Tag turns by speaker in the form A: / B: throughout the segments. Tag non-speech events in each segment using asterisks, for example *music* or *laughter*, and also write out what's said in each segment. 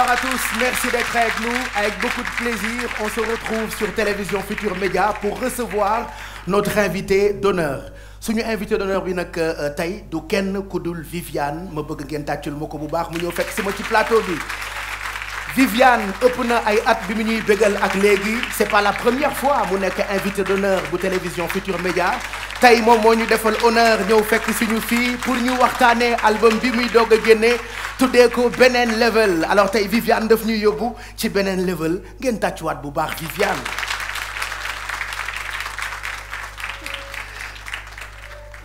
A: Bonsoir à tous, merci d'être avec nous. Avec beaucoup de plaisir, on se retrouve sur Télévision Futur Média pour recevoir notre invité d'honneur. suñu d'honneur bi nag euh, tey du kenn ku dul Viviane ma bëgg ngeen tàccul ma ko bu baax mu ñëw fekk si ma ci plateau bi Viviane ëpp na ay at bi mu ñuy bégal ak léegi c'est pas la première fois mu nekk invité d'honneur bu télévision Futur Média tey moom moo ñu defal honneur ñëw fekk suñu fii pour ñu waxtaanee album bi muy doog a génne tuddee ko beneen level alors tey Viviane daf ñuy yóbbu ci beneen level ngeen tàccuwaat bu baax Viviane.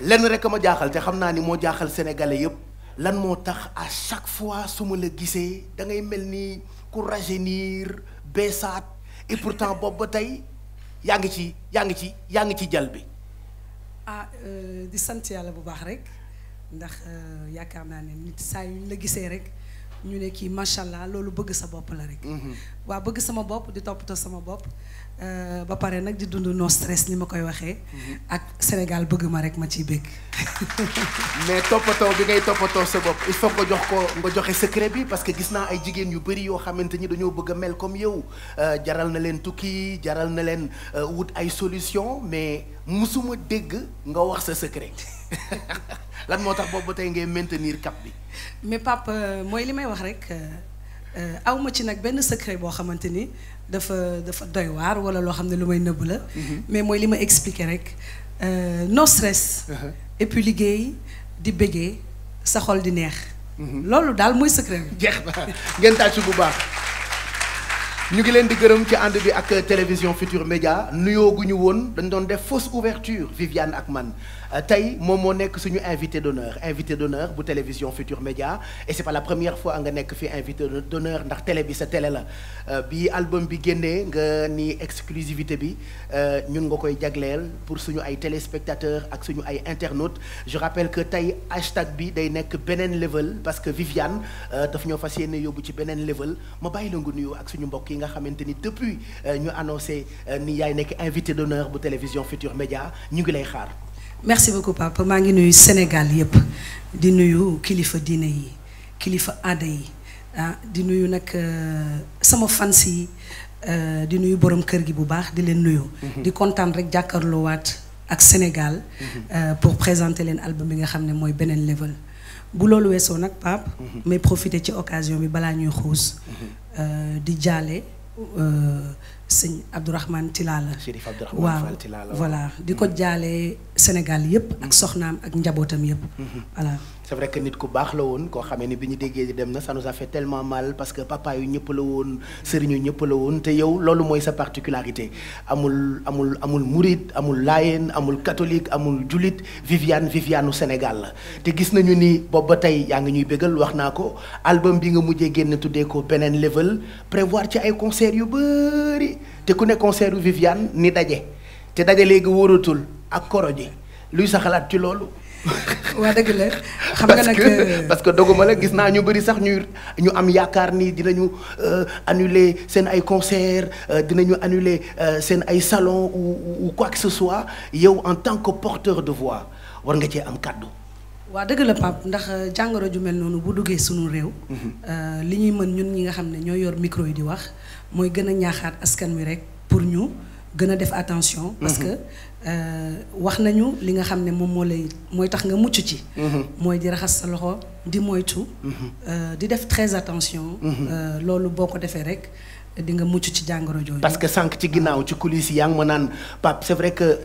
A: lenn rek a ma jaaxal te xam naa ni moo jaaxal sénégalais yëpp lan moo tax à chaque fois su ma la gisee da ngay mel ni ku rajeunir beesaat et pourtant boobu ba tey yaa ngi ci yaa ngi ci yaa ngi ci jal bi.
B: ah euh, di sant yàlla bu baax rek ndax euh, yaakaar naa ne nit saa yuñ la gisee rek ñu ne kii macha allah loolu bëgg sa bopp la rek. Mm-hmm. waa bëgg sama bopp di toppatoo sama bopp Euh, ba pare nag di dund no stress ni ma koy waxee. Mhm. ak Sénégal bëgg ma rek ma ciy bëgg.
A: *laughs* mais toppatoo bi ngay toppatoo sa bopp il faut nga jox ko nga joxe secret bi parce que gis naa ay jigéen yu bëri yoo xamante ni dañoo bëgg mel comme yow euh, jaral na leen tukki jaral na leen euh, wut ay solution mais musuma dégg nga wax sa secret *laughs* lan moo tax boobu ba tey ngay maintenir cap bi.
B: mais papa mooy li may wax rek. aw ma ci nag benn secret boo xamante ni dafa dafa doy waar wala loo xam ne lu may nëbb la. Mhm. mais mooy li ma expliqué rek euh, no stress. Uh-huh. liggéey di bëggee sa xol di neex.
A: Mhm. loolu daal mooy secret bi. jeex na ngeen bu baax. ñu ngi leen di gërëm ci ànd bi ak télévision Futur Média nuyoo gu ñu woon dañ doon def fausse ouverture Viviane ak man. Euh, tey moom moo nekk suñu invité d'honneur invité d'honneur bu télévision Futur Média et c'est pas la première fois nga nekk fi invité d'honneur ndax télé bi sa télé la euh, bi album bi génnee nga ni exclusivité bi euh, ñun nga koy jagleel pour suñu ay téléspectateurs ak suñu ay internautes je rappelle que tey hashtag bi day nekk beneen level parce que Viviane daf ñoo fas yéene yóbbu ci beneen level ma bàyyi la nga ak suñu mbokk yi nga xamante ni depuis ñu annoncé ni yaay nekk invité d'honneur bu télévision Futur Média ñu ngi lay xaar
B: merci beaucoup papa maa ngi nuyu Sénégal yëpp di nuyu kilifa diine yi kilifa aada yi ah di nuyu nag euh, sama fans yi euh, di nuyu borom kër gi bu baax di leen nuyu. Mhm. di kontaan rek jàkkaarloowaat ak Sénégal. Mhm. Euh, pour présenter leen album bi nga xam ne mooy beneen level. bu loolu weesoo nag Pape. Mhm. may profiter ci occasion bi balaa ñuy xuus. di jaale. sëñ Abdourahmane Tilala Chérif Abdourahmane Tilala waaw voilà di ko mm-hmm. jaale Sénégal yëpp ak mm-hmm. soxnaam ak njabootam yëpp mm-hmm. voilà
A: c'est que nit ku baax la woon koo xamee ni bi ñu déggee di dem na ça nous a fait tellement mal parce que papa yu la woon sëriñu ñëpp la woon te yow loolu mooy sa particularité amul amul amul murit amul laayeen amul catholique amul julit Viviane Viviane u Sénégal la te gis nañu ni boobu ba tey yaa ngi ñuy bégal wax naa ko album bi nga mujjee génn tuddee ko beneen level prévoir ci ay concert te ku ne concert u Viviane ni daje te daje léegi wóoratul ak koro ji luy sa xalaat ci loolu. *laughs* waa dëgg la xam nga nag euh, parce que doguma la gis naa ñu bëri sax ñuy ñu am yaakaar ni dinañu euh, annuler seen ay concert euh, dinañu annuler seen ay salon ou quoi que ce soit yow en tant que porteur de voix war nga cee am kàddu.
B: waa dëgg la Pape ndax jàngoro ju mel noonu bu duggee sunu réew. Mhm. li ñuy mën ñun ñi nga xam ne ñoo yor micro yi di wax. mooy gën a ñaaxaat askan wi rek pour ñu gën a def attention. Mhm. parce que euh, wax nañu li nga xam ne moom moo lay mooy tax nga mucc ci. Mhm. mooy di raxas sa loxo di moytu. Mhm. Euh, di def très attention. Euh, loolu boo ko defee rek. di nga mucc ci jàngoro jooju. parce
A: que sànq ci ginnaaw ci coulisses yaa ngi ma naan Pape c'est vrai que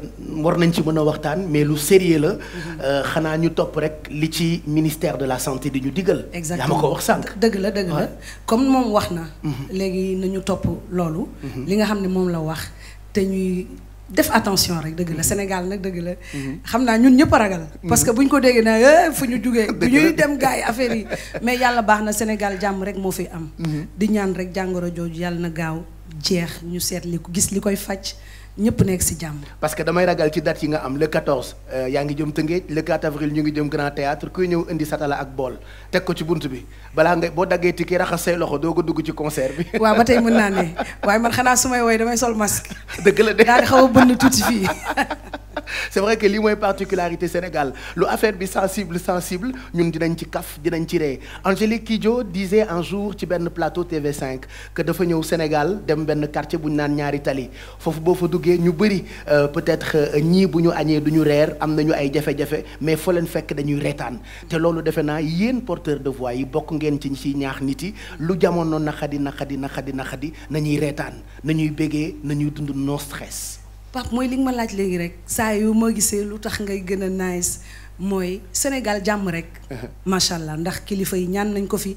A: war nañ ci mën a waxtaan mais lu sérier la. Mhm. Euh, xanaa ñu topp rek li ci ministère de la santé di ñu diggal exactement yaa ma ko wax sànq.
B: dëgg la dëgg la comme moom wax na. Mhm. léegi na ñu topp loolu. Mhm. li nga xam ne moom la wax te ñuy. def attention rek dëgg la mm-hmm. Sénégal nag dëgg la. Mm-hmm. xam naa ñun ñëpp ragal. Mm-hmm. parce que bu ñu ko déggee na eh, fu ñu jugee. *laughs* bu ñuy dem gars yi affaire yi. *laughs* mais yàlla baax na Sénégal jàmm rek moo fi am. di ñaan rek jàngoro jooju yàlla na gaaw jeex ñu seet li gis li koy faj. ñëpp nekk si jàmm.
A: parce que damay ragal ci date yi nga am le 14 euh, yaa ngi jëm Tëngéej le 4 avril ñu ngi jëm Grand Théâtre kuy ñëw indi satala ak bool teg ko ci bunt bi bala nga boo daggee tiki raxas say loxo doo dugg ci concert bi. waaw ba tey mën naa ne *laughs* waaye man xanaa su may woy damay sol masque. dëgg la de daal di a bënn tuuti fii. *laughs* *laughs* c'est vrai que lii mooy particularité Sénégal lu affaire bi sensible sensible ñun dinañ ci kaf dinañ ci ree Angélique Kidjo disait un jour ci benn plateau TV5 que dafa ñëw Sénégal dem benn quartier bu ñu naan ñaari tali foofu boo fa duggee ñu bëri euh, peut-être euh, ñii bu ñu añee du ñu reer am nañu ay jafe-jafe mais foo leen fekk dañuy reetaan te loolu defe naa yéen porteur de voix yi bokk ngeen ci ci ñaax nit yi lu jamono naqadi naqadi naqadi naqadi na reetaan nañuy bégee nañuy dund no stress
B: Pape mooy li nga ma laaj léegi rek saa yu ma gisee lu tax ngay gën a nice mooy Sénégal jàmm rek. *laughs* macha allah ndax kilifa yi ñaan nañ ko fi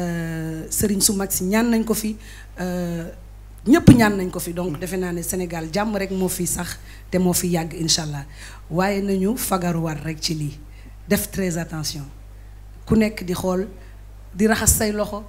B: euh, sëriñ su mag si ñaan nañ ko fi euh, ñëpp ñaan nañ ko fi. donc defe naa ne Sénégal jàmm rek moo fi sax te moo fi yàgg incha allah waaye nañu fagaruwaat rek ci lii def très attention ku nekk di xool di raxas say loxo.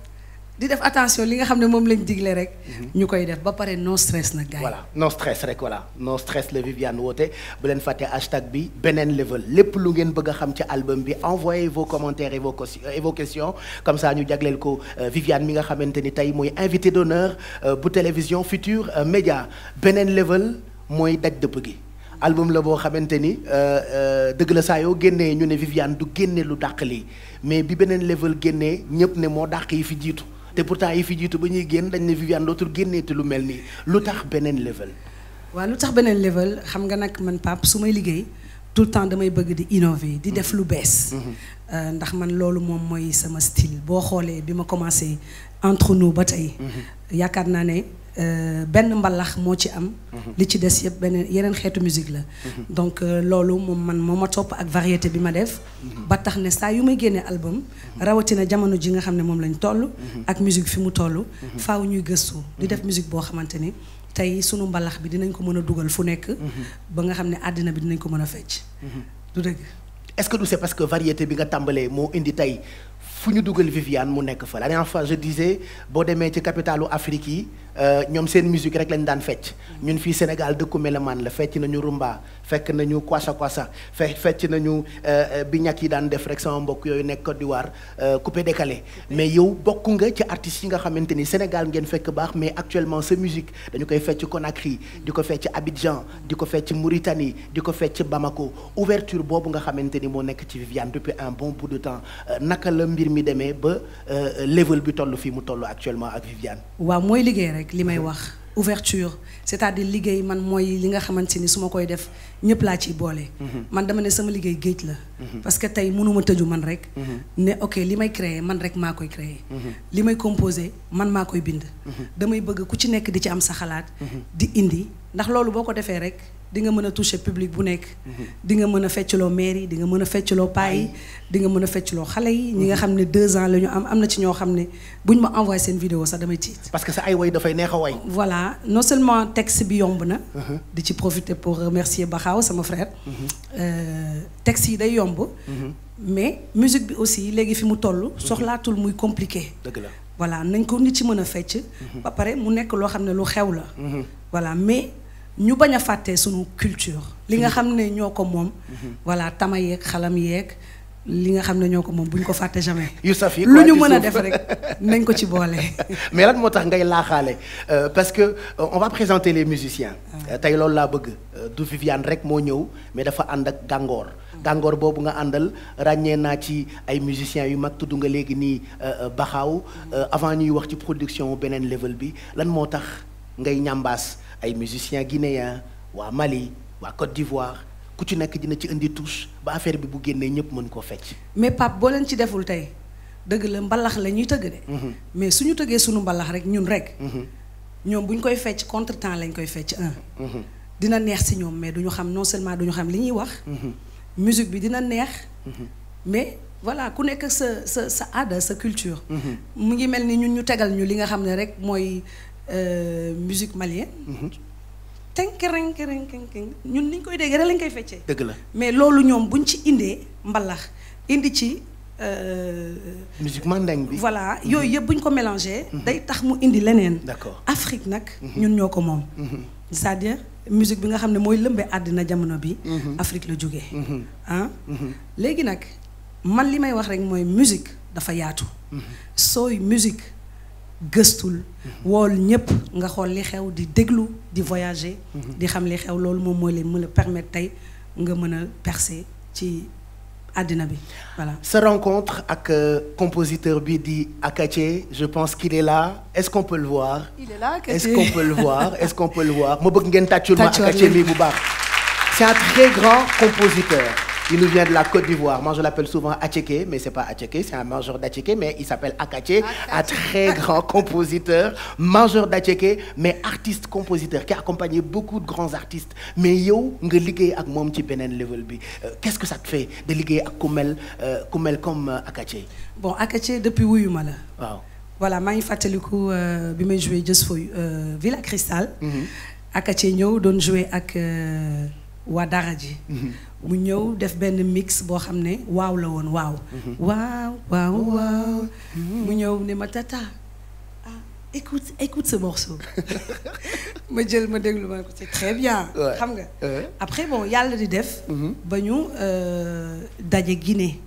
B: di def attention li nga xam ne moom lañ digle rek. Mhm. ñu
A: koy def ba pare non stress nag. gars yi voilà non stress rek voilà non stress la Viviane woote bu leen fàtte hashtag bi beneen level lépp lu ngeen bëgg a xam ci album bi envoyez vos commentaires et vos et vos questions comme ça ñu jagleel ko euh, Viviane mi nga xamante ni tey mooy invité d'honneur euh, bu télévision Futur euh, Média beneen level mooy daj dëpp gi. album la boo xamante ni dëgg la saa yoo génnee ñu ne Viviane du génne lu dàq lii mais bi beneen level génnee ñëpp ne moo dàq yi fi jiitu. te pourtant yi fi jiitu ba ñuy génn dañ ne Viviane dootul génneeti lu mel nii lu tax beneen level. waaw lu tax beneen level
B: xam nga nag man Pape su may liggéey tout le temps damay bëgg di innover di def lu bees. Mm-hmm. Euh, ndax man loolu moom mooy sama style boo xoolee bi ma commencé entre nous ba tey. Mm-hmm. yaakaar naa ne. Euh, benn mbalax moo ci am. Mhm. li ci des yëpp beneen yeneen xeetu musique la. Mhm. donc euh, loolu moom man moo ma topp ak variété bi ma def. Mhm. ba tax ne saa yu may génnee album. rawatina jamono ji nga xam ne moom lañ toll. ak musique fi mu toll. faw ñuy gëstu di def musique boo xamante ni. tey sunu mbalax bi dinañ ko mën a dugal fu nekk. ba nga xam ne àddina bi dinañ ko mën
A: a fecc. du dëgg. est-ce que du c'est parce que variété bi nga tàmbalee moo indi tey fu ñu dugal Viviane mu nekk fa la dernière boo demee ci capitalu Afrique yi. Euh, ñoom seen musique rek lañ daan fecc ñun fii Sénégal dëkku melamaan la fecc nañu rumbaa fekk nañu kwasa kwasa fe fecc nañu eh, eh, bi ñàkk yi daan def rek sama mbokk yooyu nekk Côte d'Ivoire eh, coupé décalé mais yow bokk nga ci artistes yi nga xamante ni Sénégal ngeen fekk baax mais actuellement sa musique dañu koy fecc Conakry di ko fecc Abidjan di ko fecc Mauritanie di ko fecc Bamako ouverture boobu nga xamante ni moo nekk ci Viviane depuis un bon bout de temps naka la mbir mi demee ba level bi toll fii mu toll actuellement ak Viviane.
B: waaw mooy liggéey rek li may wax ouverture c'est-à-dire liggéey man mooy li nga xamante ni su ma koy def. ñëpp laa ciy boole. Mhm. man dama ne sama liggéey géej la. Mhm. parce que tey mënuma tëju man rek. Mhm. ne ok li may créer man rek maa koy créer. li may composer man maa koy bind. damay bëgg ku ci nekk di ci am sa xalaat. di indi ndax loolu boo ko defee rek. di nga mën a toucher public bu nekk. di nga mën a feccloo maire yi di nga mën a feccloo paa yi di nga mën a feccloo xale yi. ñi nga xam ne deux ans la ñu am am na ci ñoo xam ne buñ ma envoyé seen vidéo sax damay tiit. parce sa ay way dafay neex a way. voilà non seulement texte bi yomb na. Awa sama frère. Euh, texte yi day yomb. mais musique bi aussi léegi fi mu toll. soxlaatul muy compliqué. dëgg la voilà nañ ko nit ci mën a fecc. ba pare mu nekk loo xam ne lu xew la. voilà mais ñu bañ a fàtte sunu culture. li nga xam ne ñoo ko moom. voilà tama yeeg xalam yeeg. li nga xam ne ñoo ko moom bu ñu ko fàtte jamais.
A: yu saf yi lu ñu mën a def rek nañ ko ci boole. *laughs* mais lan moo tax ngay laaxaale euh, parce que euh, on va présenter les musiciens. Ah. Euh, tey loolu laa bëgg du Viviane rek moo ñëw mais dafa ànd ak gàngoor. gàngoor boobu nga àndal ràññee naa ci ay musiciens yu mag tudd nga léegi nii Baxaaw mm. avant ñuy wax ci production beneen level bi lan moo tax ngay ñambaas ay musiciens guinéens waa Mali waa Côte d'Ivoire. ku ci nekk dina ci indi touche ba affaire bi bu génnee ñëpp mën koo fecc.
B: mais Pape boo leen ci deful tey dëgg la mbalax la ñuy tëgg de. Mhm. mais su ñu tëggee suñu mbalax rek ñun rek. Mhm. ñoom bu ñu koy fecc contre temps lañ koy fecc mhm. dina neex si ñoom mais duñu xam non seulement duñu xam li ñuy wax. musique bi dina neex. mais voilà ku nekk sa sa sa aada sa culture. mu ngi mel ni ñun ñu tegal ñu li nga xam ne rek mooy euh, musique malienne. tenkering kering kering ñun niñ koy déggee rek lañ koy feccee. dëgg la mais loolu ñoom buñ ci indee mbalax indi ci. Euh, musique mandeng bi. voilà mhm. yooyu yëpp buñ ko mélangé. Mhm. day tax mu indi leneen. d'accord Afrique nag. Mhm. ñun ñoo ko moom. cest à musique bi nga xam ne mooy lëmbee àddina jamono bi. Afrique la jógee. Ah? léegi nag man li may wax rek mooy musique dafa yaatu. sooy musique. gëstul mhm. wool ñëpp nga xool li xew di déglu di voyager mhm. di xam li xew loolu moom mooy leen mën a permettre tey nga
A: mën a percer ci àddina bi voilà sa rencontre ak euh, compositeur bi di Akathie je pense qu'il est là est-ce qu'on peut le voir
C: il est là est-ce qu'on peut le voir *laughs*
A: est ma bëgg ngeen tàccul ma Akathie mi bu baax c'est un très grand compositeur Il nous vient de la Côte d'Ivoire. Moi, je l'appelle souvent Atchéké, mais c'est pas Atchéké, c'est un mangeur d'Atchéké, mais il s'appelle Akaché, un très *laughs* grand compositeur, mangeur d'Atchéké, mais artiste compositeur qui a beaucoup de grands artistes. Mais yow nga liggéey ak moom ci beneen level bi euh, qu'est-ce que ça te fait de liggéey ak ku mel euh, comme euh, Akaché. bon
B: Akaché depuis wuyu ma la.
A: waaw voilà maa ngi fàttaliku bi may joué Just for You Villa
B: Cristal. Mhm. ñëw doon joué ak waa Dara ji. Mhm. mu ñëw def benn mix boo xam ne waaw la woon waaw. Mhm. waaw waaw waaw. mu mhm. ñëw ni ma tata ah écoute écoute ce morceau *laughs* ma jël ma déglu ma ko c'est très bien. xam nga après bon yàlla di def. Mhm. ba ñu euh, daje Guinée.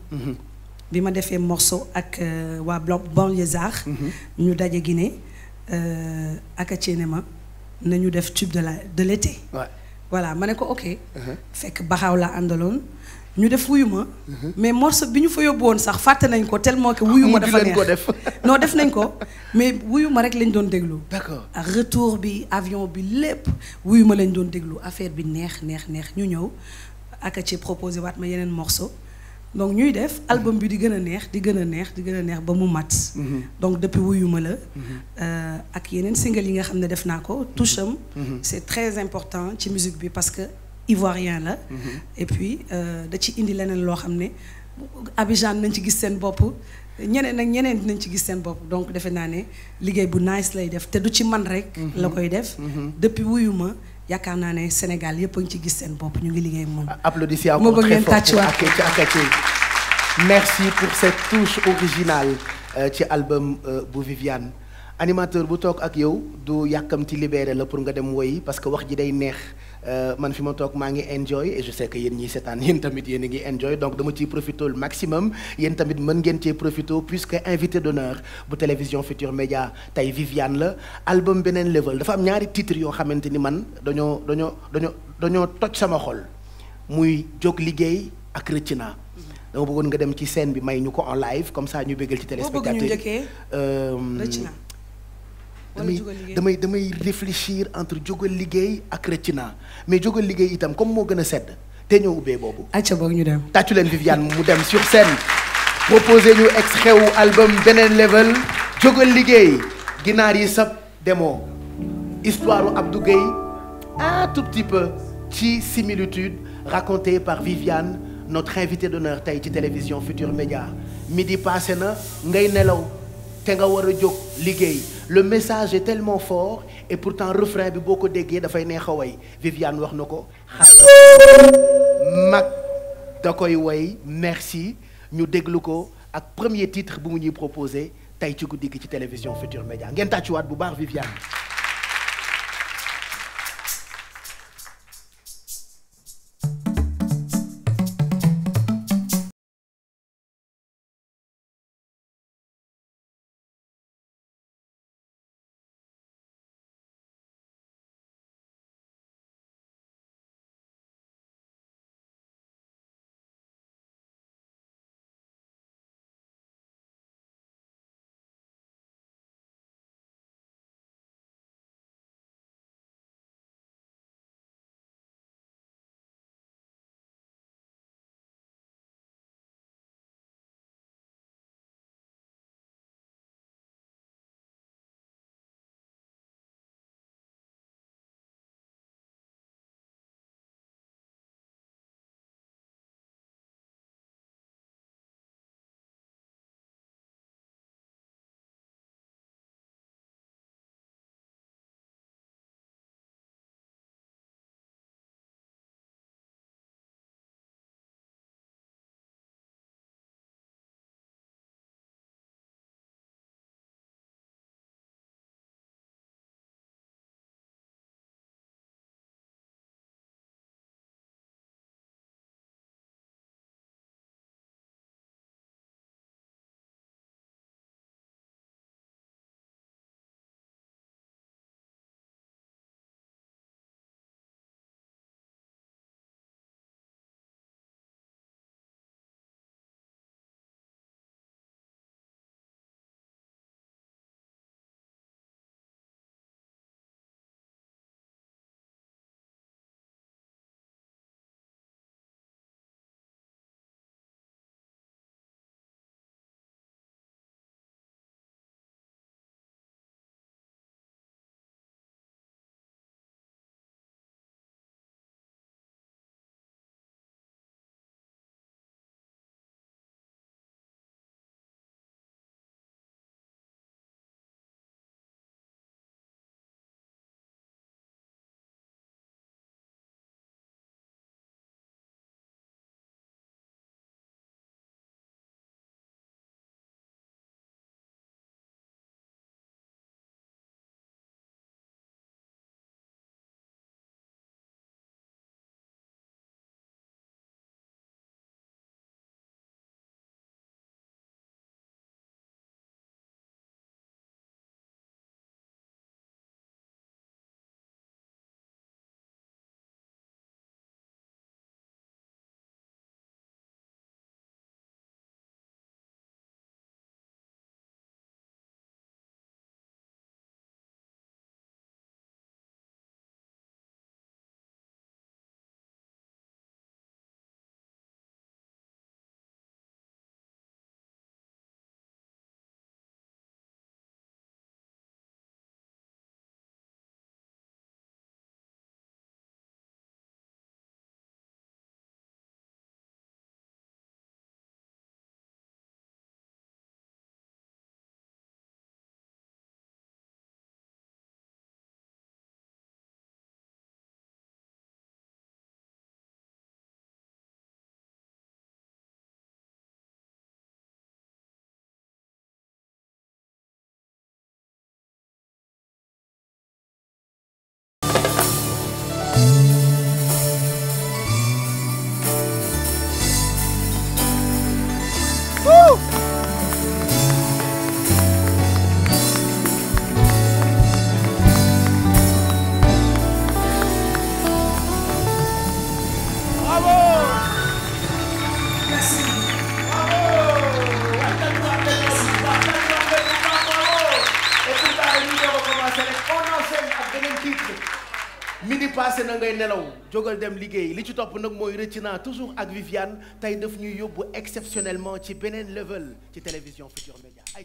B: bi ma defee morceau ak euh, waa Blanc Banlieusard. ñu daje Guinée euh, ak a nañu def tube de la l'été. voilà ma ne ko ok. Uh-huh. fekk baxaw laa àndaloon ñu def wuyu ma. Uh-huh. mais morceau bi ñu fa yóbbu woon sax fàtte nañ ko tellement que wuyu ma ah, dafa neex ko def. *laughs* non def nañ ko mais wuyuma rek lañ doon déglu. d'accord retour bi avion bi lépp wuyuma lañ doon déglu affaire bi neex neex neex ñu ñëw ak ci proposé waat ma yeneen morso donc ñuy def album bi di gën a neex di gën a neex di gën a neex ba mu mat. Mhm. donc depuis wuyuma la. Mhm. Euh, ak yeneen single yi nga xam ne def naa ko mhm. touche am. c'est très important ci musique bi parce que ivoirien la. et puis euh, da ci indi leneen loo xam ne Abidjan nañ ci gis seen bopp ñeneen ak ñeneen dinañ ci gis seen bopp donc defe naa ne liggéey bu nice lay def te du ci man rek. la koy def depuis wuyuma. yaakaar naa ne Sénégal yëpp a ci gis seen bopp ñu ngi liggéey moom.
A: applaudissements ma bëgg ngeen wa ci merci pour cette touche originale euh, ci album euh, bu Viviane animateur bu toog ak yow du yàkkamti libéré la pour nga dem woy parce que wax ji day neex. Euh, man fi ma toog maa ngi enjoy et je sais que yéen ñiy seetaan yéen tamit yéen a ngi enjoy donc dama ciy profité le maximum yéen tamit mën ngeen cee profité puisque invité d'honneur bu télévision Futur Média tey Viviane la album beneen level dafa am ñaari titre yoo xamante ni man dañoo dañoo dañoo dañoo toj sama xol muy jóg liggéey ak rëcc naa dama bëggoon nga dem ci scène bi may ñu ko en live comme ça ñu bëggal ci téléspectateurs yi damay damay damay réfléchir entre jógal liggéey ak rëcc naa mais jógal liggéey itam comme moo gën a sedd te ñoo ubbee boobu. boog ñu dem. tàccu leen Viviane mu dem sur scène proposé ñu extrait wu album beneen level jógal liggéey ginaar yi sab demo histoire Abdou Gueye un tout petit peu ci similitude racontée par Viviane notre invité d'honneur tey ci télévision Futur Média midi passé na ngay nelaw. te nga war a jóg liggéey le message est tellement fort et pourtant refrain bi boo ko déggee dafay neex a way Viviane wax na ko mag da koy way merci ñu déglu ko ak premier titre bu mu ñuy proposé tey ci ku dikk ci télévision Futur Média ngeen tàccuwaat bu baax Viviane ngay nelaw jógal dem liggéey li ci topp nag mooy rëcc naa toujours ak Viviane tey daf ñuy yóbbu exceptionnellement ci beneen level ci télévision Futurs Médias ay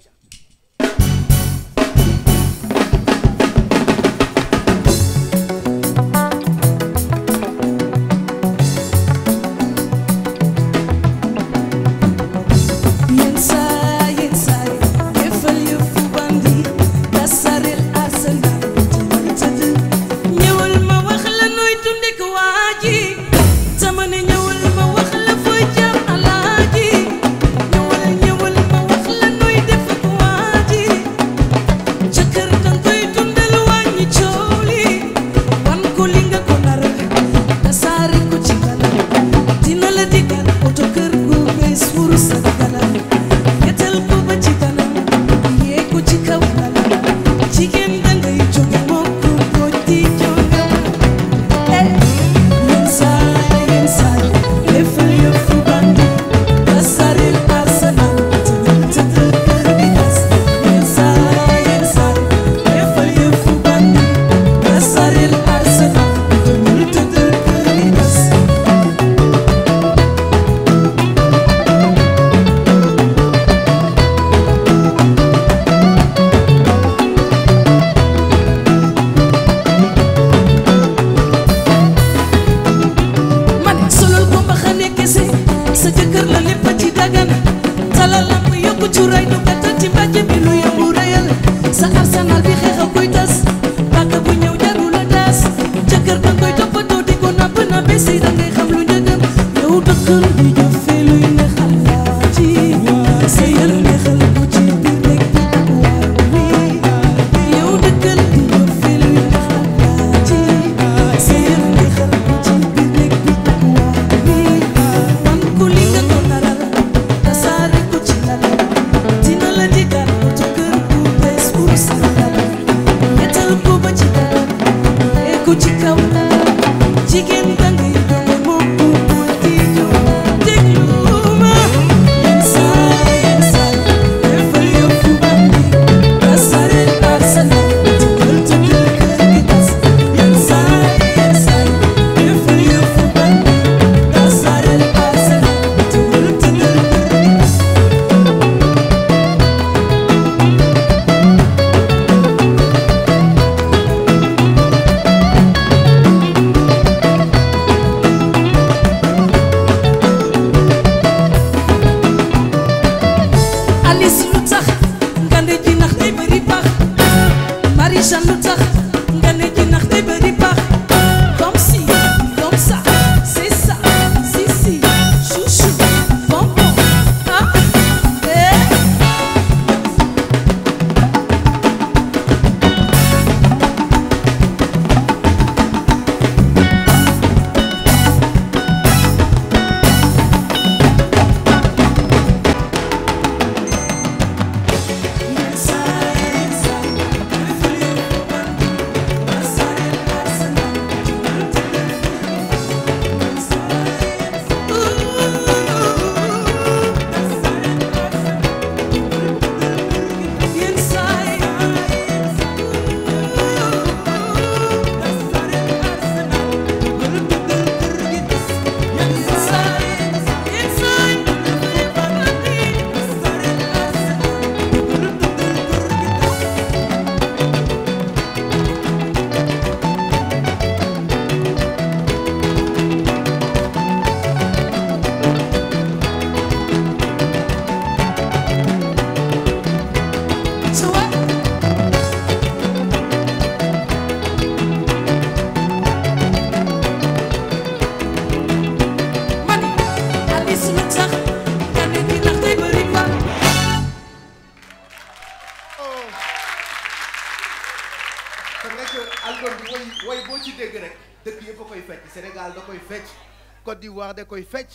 A: sax da koy fecc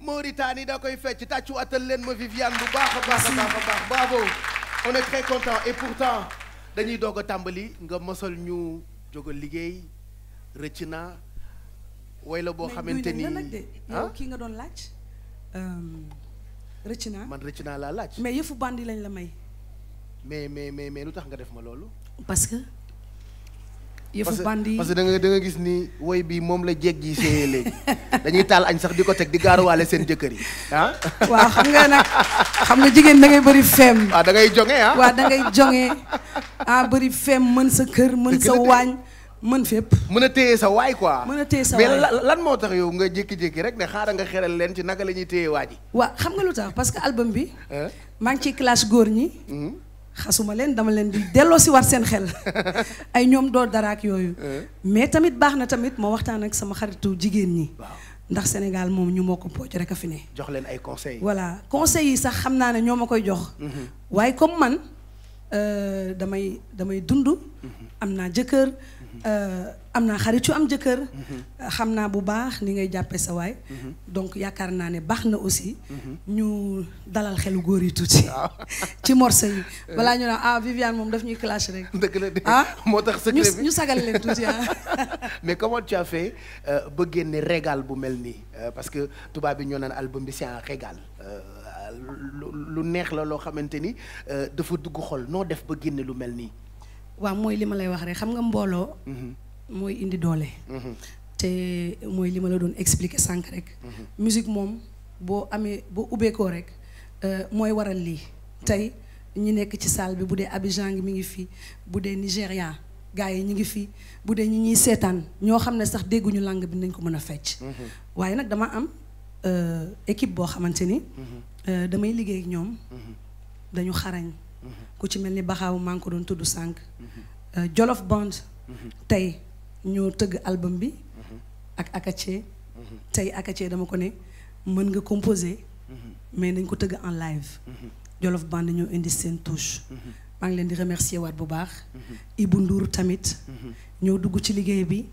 A: Mauritanie da koy fecc tàccu atal leen ma Viviane bu baax a baax a baax a baax bravo on est très content et pourtant dañuy doog a tàmbali nga masol ñu jóg a liggéey rëcc na way la boo xamante ni ah? yow
B: kii nga doon laaj euh, rëcc naa man rëcc naa laa laaj mais yëfu bandi lañ la may
A: mais mais mais mais lu tax nga def ma loolu parce yëfu bandi parce que da nga da nga gis ni woy bi moom la jéeg ji see léegi dañuy taal añ sax di ko teg di gaaruwaale seen jëkkër yi ah. waaw xam nga nag xam nga jigéen da ngay bëri feem. waaw da ngay
B: joŋe ah. waaw da ngay joŋe
A: ah, bëri feem mën sa kër mën sa waañ. mën fépp mën a téye sa waay quoi mën a téye sa waay mais lan moo tax yow nga jékki-jékki rek ne xaaral nga xeral leen ci naka la ñuy téye waa ji waaw xam nga lu tax parce que album bi maa ngi ci classe góor ñi
B: mm-hmm. xasuma leen dama leen delloo si war seen xel *laughs* ay ñoom doo daraak yooyu eh. mais tamit baax na tamit ma waxtaan ak sama xaritu jigéen ñi ndax Sénégal moom ñu moo ko
A: pooj rek a fi ne jox leen ay conseils
B: voilà conseils yi sax xam naa ne ñoo ma koy jox mhm. waaye comme man euh, damay damay dund mhm. am naa jëkkër Euh, am naa xarit yu am jëkkër. xam naa bu baax ni ngay jàppee sa waay. donc yaakaar naa ne baax na aussi. ñu dalal xelu góor yi tuuti. *laughs* ci morceau
A: yi. balaa ñu
B: naan ah moom daf ñuy clash rek. *laughs*
A: dëgg la de ah? moo tax secret bi ñu sagal leen tuuti ah. *laughs* mais comment tu as fait euh, ba génne régal bu mel nii euh, parce que tubaab bi ñoo naan album bi c'est un lu neex la loo xamante ni dafa dugg xol noo def ba génne lu mel nii. waaw mooy li ma lay wax rek xam nga mbooloo. Mhm.
B: mooy indi doole. Mhm. te mooy li ma la doon expliquer sànq rek. Mhm. musique moom boo amee boo ubbeekoo rek euh, mooy waral lii. tey ñi nekk ci salle bi bu dee Abidjan mi ngi fi bu dee Nigéria gars yi ñi ngi fi bu dee ñi ñuy seetaan ñoo xam ne sax dégguñu langue bi nañ ko mën a fecc. waaye nag dama am euh, équipe boo xamante ni. Euh, damay liggéey ak ñoom. dañu xarañ. ku ci mel ni baxaaw maa ngi ko doon tudd sànk Euh, Jolof Band tey ñoo tëgg album bi ak Akache tey Akache dama ko ne mën nga composer mais nañ ko tëgg en live Jolof Band ñoo indi seen touche maa ngi leen di remercier waat bu baax Ibou nduur tamit ñoo dugg ci liggéey bi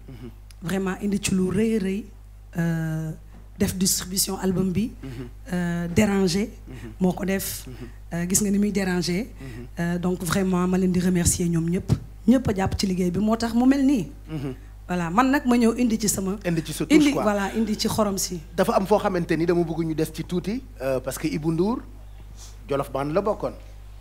B: vraiment indi ci lu rëy rëy euh, def distribution album bi euh, déranger moo ko def gis nga ni muy déranger donc vraiment ma leen di remercier ñoom ñëpp ñëpp a jàpp ci liggéey bi moo tax mu mel nii.
A: Mhm. voilà man nag ma ñëw indi ci sama. indi ci sa touche indi indi ci xorom si. dafa am foo xamante ni dama bëgg ñu des ci tuuti euh, parce que Ibou Ndour Jolof Band la bokkoon.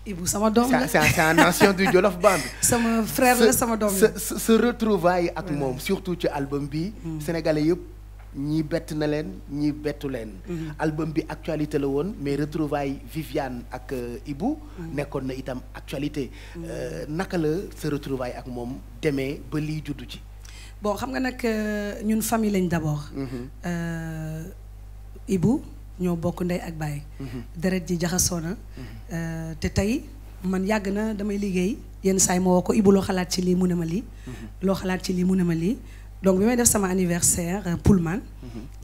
A: ibu sama doom la c'est un ancien du *laughs* sama frère la sama doom la. sa sa retrouvaille ak moom surtout ci album bi. Mm. Sénégalais yëpp. ñii bett na leen ñii bettu leen. Mhm. album bi actualité la woon mais retrouvaille Viviane ak euh, Ibou. Mhm. nekkoon na itam actualité. Mhm. Euh, naka la sa retrouvaille ak moom demee ba lii juddu ci.
B: bon xam nga nag euh, ñun famille lañ d'abord. ibu ñoo bokk ndey ak baay. deret ji jaxasoo na. te tey man yàgg na damay liggéey yenn saay ma woo ko Ibou loo xalaat ci lii mu ne ma lii. loo xalaat ci lii mun ne ma lii. donc bi may def sama anniversaire euh, Pullman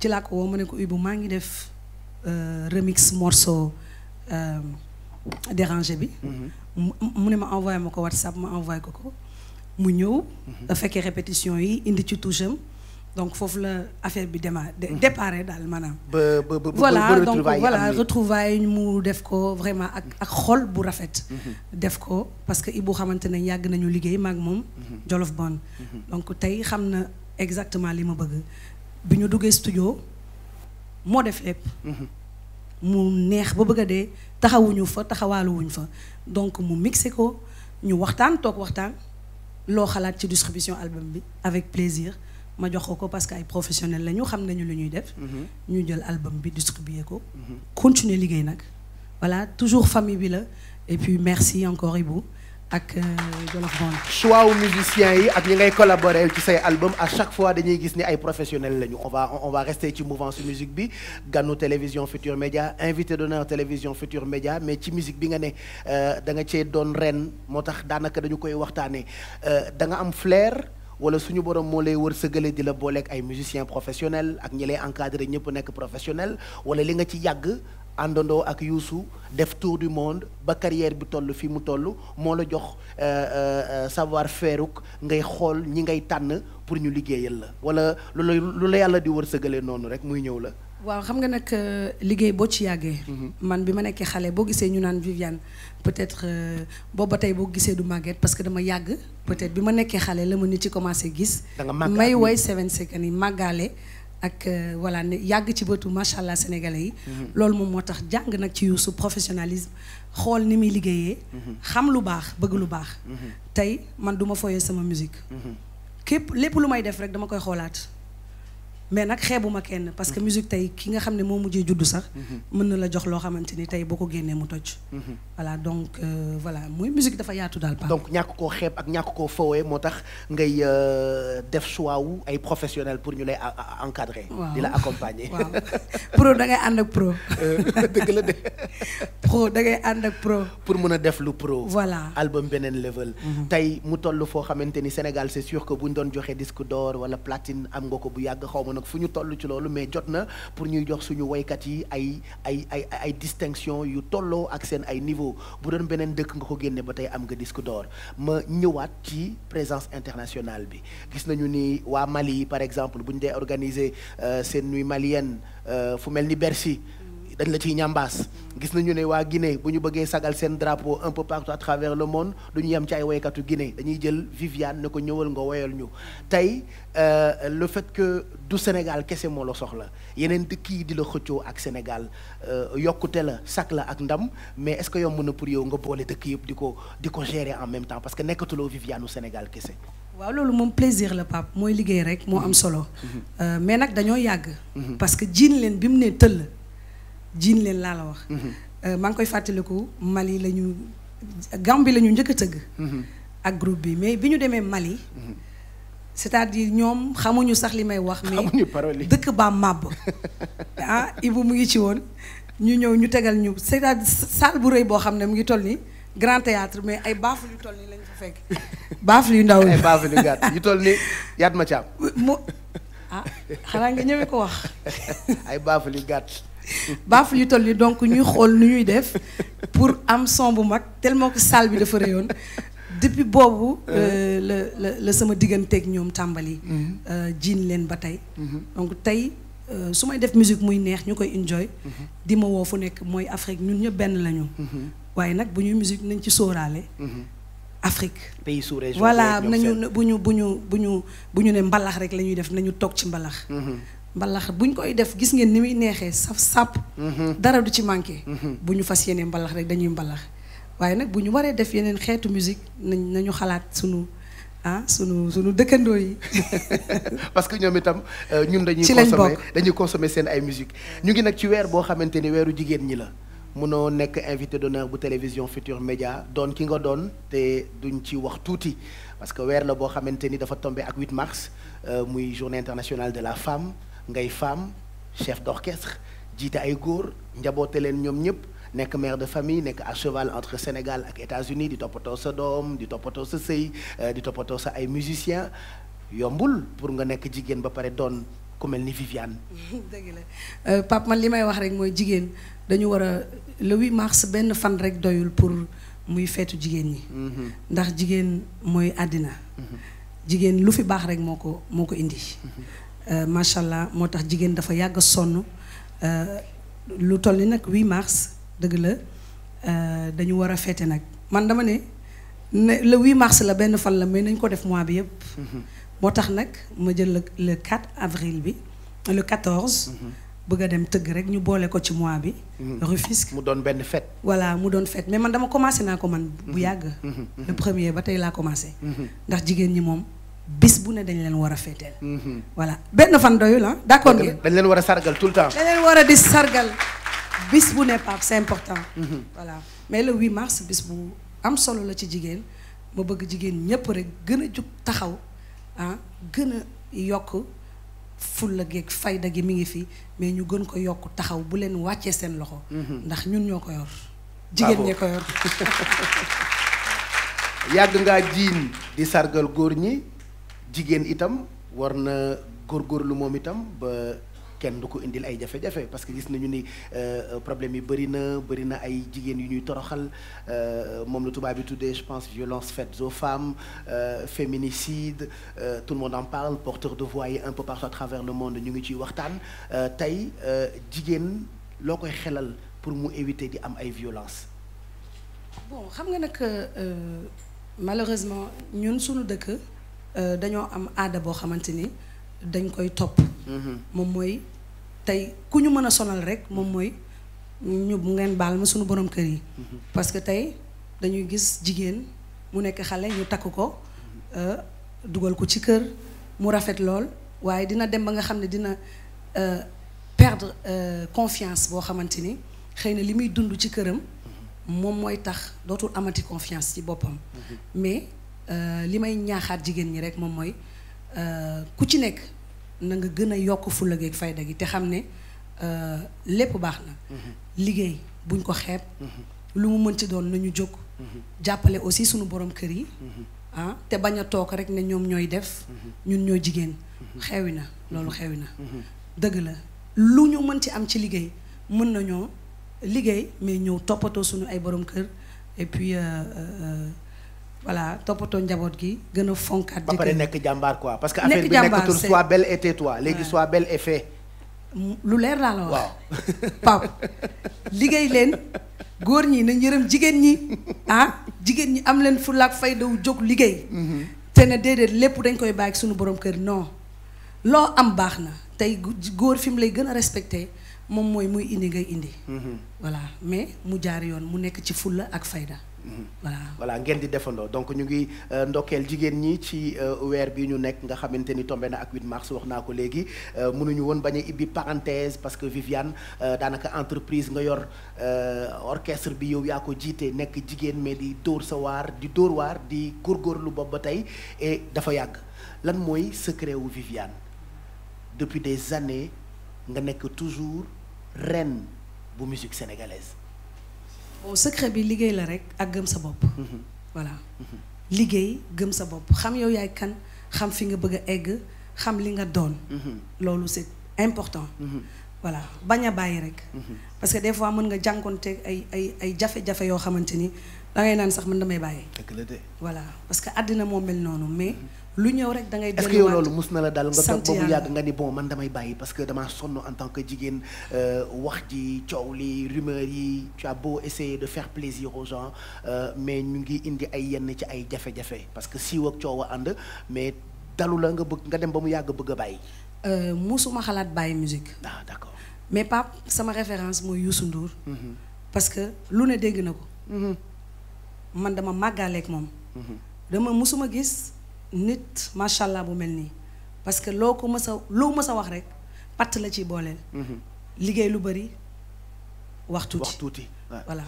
B: ci laa ko woo ma ne ko Ibou maa ngi def euh, remix morceau euh, dérangé bi mhm. mu ne ma envoyé ma ko WhatsApp ma envoyé ko ko mu ñëw mhm. fekkee répétition yi indi ci toucham donc foofu la affaire bi déma mhm. déparé daal maanaam voilà donc voilà retrouvaille mu def ko vraiment ak xol bu rafet def ko parce que Ibou xamante ne yàgg nañu liggéey maag moom Jolof Bon donc tey xam na exactement li ma bëgg bi ñu duggee studio moo def lépp. Mhm. mu neex ba bëgg a dee taxawuñu fa taxawaaluwuñ fa donc mu mixé ko ñu waxtaan toog waxtaan loo xalaat ci distribution album bi avec plaisir ma jox ko ko parce que ay professionnel la ñu xam nañu lu ñuy def. Mhm. ñu jël album bi distribuer ko. Mhm. continuer liggéey nag voilà toujours famille bi la et puis merci encore Ibou. ak euh, Jolof Band.
A: choix wu yi ak ñi ngay collaborer ci say album à chaque fois dañuy gis ni ay professionnels lañu on va on va rester ci mouvance bi ganu télévision Futur Média invité d'honneur télévision Futur Média mais ci musique bi nga ne euh, da nga cee doon ren moo tax daanaka dañu koy waxtaanee euh, da nga am flair wala suñu borom moo lay war wërsëgale di la booleek ay musiciens professionnels ak ñi lay encadrer ñëpp nekk professionnel wala li nga ci yàgg. àndandoo ak Youssou def tour du monde ba carrière bi toll fii mu toll moo la jox euh, euh, euh, savoir faire ngay xool ñi ngay tànn pour ñu liggéeyal la wala lu la lu la yàlla di wërsëgalee noonu rek muy ñëw la.
B: waaw xam nga nag liggéey boo ci yàggee. Mhm. man bi ma nekkee xale boo gisee ñu naan Viviane peut-être booba tey boo gisee du màgget parce que dama yàgg peut-être bi ma nekkee xale la ma nit ci commencé gis.
A: may woy seven
B: seconds yi màggaale. ak euh, voilà yàgg ci bëtu macha allah sénégalais yi. Mhm. loolu moom moo tax jàng nag ci su professionnalisme xool ni muy liggéeyee. Mhm. xam lu baax bëgg lu baax. Mhm. tey man du ma foyee sama musique. képp lépp lu may def rek dama koy xoolaat. mais nag xeebuma kenn parce que musique tey ki nga xam ne moo mujjee juddu sax. Mhm. mën na la jox loo xamante ni tey boo ko génnee mu toj. Mhm. voilà donc euh, voilà
A: mooy musique dafa yaatu daal. donc ñàkk koo xeeb ak ñàkk koo fowee moo tax ngay euh, def choix wu ay professionnels pour ñu lay encadrer. di la accompagner. da ngay ànd ak pro. Euh, *laughs* dëgg da ngay ànd ak pro. pour mën a def lu pro. voilà album beneen level. Mhm. tey mu toll foo xamante ni Sénégal c'est sûr que ñu doon joxe disque d'or wala platine am nga ko bu yàgg xaw ma nag fu ñu toll ci loolu mais jot na pour ñuy jox suñu woykat yi ay ay ay ay distinction yu tolloo ak seen ay niveau bu doon beneen dëkk nga ko génne ba tey am nga disque d'or ma ñëwaat ci présence internationale bi gis nañu ni waa Mali par exemple bu ñu dee organiser euh, seen nuit malienne euh, fu mel ni Bercy dañ la ciy ñambaas gis nañu ne waa Guinée bu ñu bëggee sagal seen drapeau un peu partout à travers le monde du ñu yem ci ay woykatu Guinée dañuy jël Viviane ne ko ñëwal nga woyal ñu tey euh, le fait que du Sénégal kese moo la soxla yeneen dëkk yi di la xëccoo ak Sénégal euh, yokkute la sak la ak ndam mais est-ce que yomb na pour yow nga boole dëkk yëpp di ko di ko gérer en même temps parce que nekkatuloo Viviane u Sénégal kese
B: waaw loolu moom plaisir la pap mooy liggéey rek moo am solo mhm. euh, mais nag dañoo yàgg mhm. parce que jiin leen bi mu ne tëll jiin leen laa la wax. Mhm. Euh, maa ngi koy fàttaliku Mali la ñu Gambie la ñu njëkk a tëgg. Mhm. ak group bi mais bi ñu demee Mali. Mhm. c'est-à-dire ñoom xamuñu sax li may wax. mais dëkk baa màbb *laughs* ah Ibou mu ngi ci woon ñu ñëw ñu tegal ñu c'est-à-dire salle bu rëy boo xam ne mu ngi toll ni grand théâtre mais ay baaful yu toll ni lañ fa fekk.
A: *laughs* baaful yu ndaw ay baaful yu gàtt yu toll ni yaat ma caam. mu
B: ah xanaa nga ñëwee ko wax.
A: *laughs* ay baaful yu gàtt.
B: baaf yu toll yi donc ñuy xool nu ñuy def pour am son bu mag tellement que salle bi dafa réyoon depuis boobu la la la sama digganteek ñoom tàmbali mm-hmm. euh, jiin leen ba tey mm-hmm. donc tey euh, su may def musique muy neex ñu koy enjoy mm-hmm. di ma woo nekk mooy Afrique ñun ñëpp benn la waaye nag bu ñuy musique nañ ci sóoraale Afrique pays sous région bu ñu bu ñu bu ñu bu ñu ne mbalax rek la ñuy def nañu toog ci mbalax mbalax buñ koy def gis ngeen ni muy neexee saf sàpp mhm. dara du ci manqué mhm. bu ñu fas yéenee mbalax rek dañuy mbalax waaye nag bu ñu waree def yeneen xeetu musique nañ nañu xalaat sunu ah sunu sunu dëkkandoo yi.
A: *laughs* parce que ñoom itam euh, ñun dañuy. ci lañ consommer dañuy consommer seen ay musique ñu ngi nag ci weer boo xamante ni weeru jigéen ñi la. mënoo nekk invité d'honneur bu télévision Futur Média doon ki nga doon te duñ ci wax tuuti parce que weer la boo xamante ni dafa tombe ak 8 mars euh, muy journée internationale de la femme. ngay femme chef d'orchestre jiite ay góor njaboote leen ñoom ñëpp nekk maire de famille nekk à cheval entre Sénégal ak États-Unis di toppatoo sa doom di toppatoo sa sëy euh, di toppatoo sa ay musiciens yombul pour nga nekk jigéen ba pare doon ku mel ni Viviane.
B: *laughs* dëgg la euh, Pape man li may wax rek mooy jigéen dañu war a le 8 mars benn fan rek doyul pour muy feetu jigéen ñi. Mhm. ndax jigéen mooy àddina. Mhm. jigéen lu fi baax rek moo ko moo ko indi. Mhm. Euh, macha allah moo tax jigéen dafa yàgg sonn euh, lu toll ni nag 8 mars dëgg la euh, dañu war a fête nag man dama ne ne le 8 mars la benn fan la mais nañ ko def mois bi yëpp. Mhm. moo tax nag ma jël le le 4 avril bi le 14. Mhm. bëgg a dem tëgg rek ñu boole ko ci mois bi. Mhm. Rufisque
A: mu doon benn fet
B: voilà mu doon fête mais man dama commencé naa ko man. bu yàgg. le premier ba tey laa commencé. ndax jigéen ñi moom. bis bu ne dañ leen war a féeteel. Mhm. voilà benn fan doyul ah d' accord dañ leen war a sargal tout le temps. dañ leen war a di sargal bis bu ne Pape c' important. Mhm. voilà mais le 8 mars bis bu am solo la ci jigéen ma bëgg jigéen ñépp rek gën a jug taxaw ah gën a yokk fulla geeg fayda gi mi ngi fi mais ñu gën ko yokk taxaw bu leen wàccee seen loxo. Mhm. ndax ñun ñoo ko yor. jigéen ñee ko yor.
A: yàgg ngaa jiin di sargal góor ñi. jigéen itam war na góor góor lu moom itam ba kenn du ko indil ay jafe-jafe parce que gis nañu ni euh, problème yi bëri na bëri na ay jigéen yu ñuy toroxal euh, moom la tubaab bi tuddee je pense violence faite aux femmes euh, féminicide tout le monde en parle porteur de voix yi un peu partout à travers le monde ñu ngi ciy waxtaan tey jigéen loo koy xelal pour mu éviter di am ay violence
B: bon xam nga nag malheureusement ñun sunu dëkk Euh, dañoo am aada boo xamante ni dañ koy topp. Mm-hmm. moom mooy tey ku ñu mën a sonal rek moom mooy ñu ngeen baal ma suñu borom kër yi. Mm-hmm. parce que tey dañuy gis jigéen mu nekk xale ñu takk ko mm-hmm. euh, dugal ko ci kër mu rafet lool waaye dina dem ba nga xam ne dina euh, perdre confiance boo xamante ni xëy na li muy dund ci këram. moom mooy tax dootul amati confiance ci boppam. Euh, li may ñaaxaat jigéen ñi rek moom mooy euh, ku ci nekk na nga gën a yokk fulla gi fayda gi te xam ne euh, lépp baax na. Mm-hmm. liggéey buñ ko xeeb. Mm-hmm. lu mu mën ci doon nañu jóg. Mm-hmm. jàppale aussi sunu borom kër yi. ah te bañ a toog rek ne ñoom ñooy def. ñun ñoo jigéen. xewi na loolu xewi na. dëgg la lu ñu mën ci am ci liggéey mën nañoo liggéey mais ñëw toppatoo sunu ay borom kër et puis. voilà toppatoo njaboot gi gën a fonkaat. ba pare nekk
A: jàmbaar quoi parce que affaire bi nekkatul soit belle et tais-toi léegi soo belle et fais.
B: lu leer laa la wax. waaw *laughs* liggéey leen góor ñi nañ yërëm jigéen ñi ah jigéen ñi am leen fulla ak fayda jóg liggéey. Mhm. te ne déedéet lépp dañ koy bàyyi suñu borom kër non loo am baax na tey góor fi mu lay gën a respecté moom mooy muy indi ngay indi. Mhm. voilà mais mu jaar yoon mu nekk ci fulla ak fayda.
A: voilà voilà ngeen di defandoo donc ñu ngi euh, ndokkeel jigéen ñi ci euh, weer bi ñu nekk nga xamante ni tombé na ak 8 mars wax naa ko léegi euh, mënuñu woon bañ a ibbi parenthèse parce que Viviane daanaka entreprise nga yor orchestre bi yow yaa ko jiite nekk jigéen mais di dóor sa waar di dóor waar di góor góor lu bopp ba tey dafa yàgg lan mooy secret wu Viviane depuis des années nga nekk toujours ren bu musique sénégalaise
B: secret bi liggéey la rek ak gëm sa bopp. Mhm. voilà mhm. liggéey gëm sa bopp xam yow yaay kan xam fi nga bëgg a egg xam li nga doon. Mhm. loolu c'est important. voilà bañ a bàyyi rek. parce que des fois mën nga jànkoonteeg ay ay ay jafe-jafe yoo xamante ni. da ngay naan sax man damay
A: bàyyi. dëgg la de.
B: voilà parce que àddina moo mel noonu mais. Mm-hmm. lu ñëw rek dangay ngay. delluwaat est-ce
A: la daal nga toog boobu nga ni bon man damay bàyyi parce que damaa sonn en tant que jigéen euh, wax ji coow li rumeur yi tu as beau essayer de faire plaisir aux gens euh, mais ñu ngi indi ay yenn ci ay jafe-jafe parce que siiw ak coow a ànd mais dalu la nga bëgg nga dem ba mu yàgg bëgg a bàyyi.
B: Euh, musuma xalaat bàyyi musique. ah d'accord mais Pape sama référence mooy Youssou Ndour. Mm-hmm. parce que lu ne dégg na ko. Mm-hmm. man dama màggaaleeg moom. Mhm. dama musuma gis nit macha allah bu mel nii parce que loo ko mës a loo mës a wax rek patt la ci booleel. Mhm. liggéey lu bëri
A: wax tuuti wax tuuti voilà.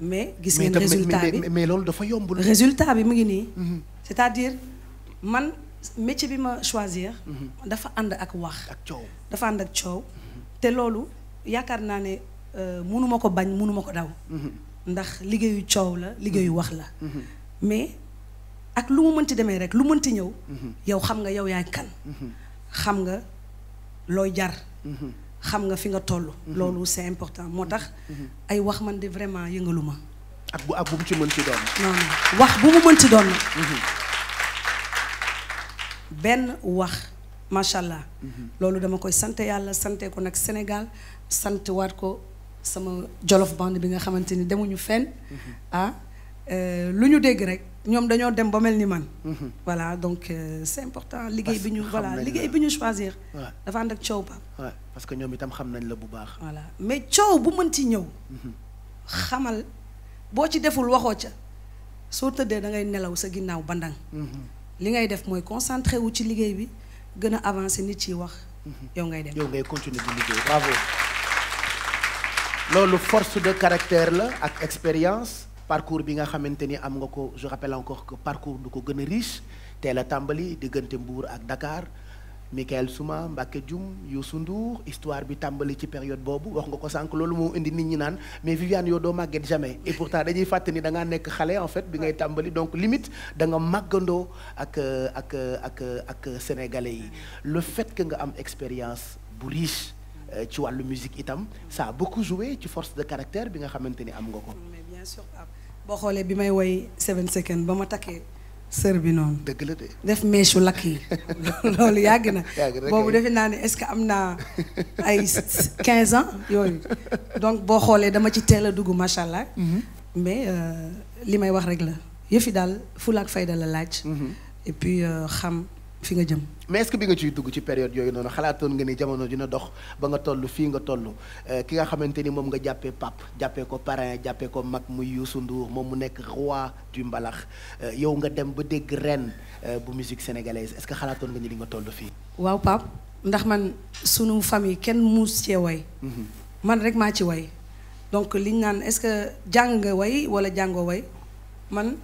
A: mais gis ngeen résultat bi mais loolu dafa yombul. résultat
B: bi mu ngi nii. Mhm. c'est-à-dire man métier bi ma choisir. dafa ànd ak wax. ak coow dafa ànd ak coow. te loolu yaakaar naa ne euh, mënu ma ko bañ mënu ko daw. ndax liggéeyu coow la liggéeyu mm-hmm. wax la mm-hmm. mais ak lu mu mënti demee rek lu mënti ñëw mm-hmm. yow xam nga yow yaay kan xam nga looy jar xam nga fi nga toll loolu c'est important moo tax ay wax man di vraiment yëngalu ma ak bu ak bu mu ci mënti doon non wax bu mu mënti doon na benn wax macha allah loolu dama koy sante yàlla sante ko nag Sénégal sant waat ko sama jolof band bi nga xamante ni demuñu fenn mm-hmm. ah euh, lu ñu dégg rek ñoom dañoo dem ba mel ni man mm-hmm. voilà donc euh, important liggéey bi ñu voilà liggéey bi ñu choisir dafa ak coow ba parce que ñoom itam xam nañ la bu baax voilà mais coow bu mënti ñëw mm-hmm. xamal boo ci deful waxoo ca soo tëddee da ngay nelaw sa ginnaaw bandang li ngay def mooy concentré wu ci liggéey bi
A: gën a avancé nit ci wax yow ngay dem yow ngay loolu force de caractère la ak expérience parcours bi nga xamante ni am nga ko je rappelle encore que parcours du ko gën a riche teel a tàmbali diggante Mbour ak Dakar Michael Souma Mbacke Dioum Youssou Ndour histoire bi tàmbali ci période boobu wax nga ko sànq loolu moo indi nit ñi naan mais Viviane yow doo màgget jamais et pourtant dañuy fàtte ni da ngaa nekk xale en fait bi ngay tàmbali donc limite danga nga màggandoo ak ak ak ak sénégalais yi le fait que nga am expérience bu riche. Euh, ci wàllu musique itam ça a beaucoup joué ci force de caractère bi nga xamante ni am nga ko. mais boo xoolee bi may woy
B: seven seconds ba ma takkee sër bi noonu. dëgg la de def meechu lakk yi *laughs* loolu yàgg na. boobu defe naa ne est-ce que am naa ay quinze ans yooyu donc boo xoolee dama ci teel a dugg macha allah. Mhm. mais euh, li may wax rek la yëfi daal fulaak fayda la laaj. Mhm. et puis euh, xam. fi nga jëm.
A: mais est-ce que bi nga ciy dugg ci période yooyu noonu xalaatoon nga ni jamono dina dox ba nga toll fii nga toll euh, ki nga xamante ni moom nga jàppee pap jàppee ko parrain jàppee ko mag muy Youssou Ndour moom mu nekk roi du mbalax euh, yow nga dem ba dégg ren euh, bu musique sénégalaise est-ce que xalaatoon nga ni li nga toll fii.
B: waaw pap ndax man sunu famille kenn muus cee way. Mhm. man rek maa ci way. donc liñ naan est-ce que jàng way wala jàngoo way man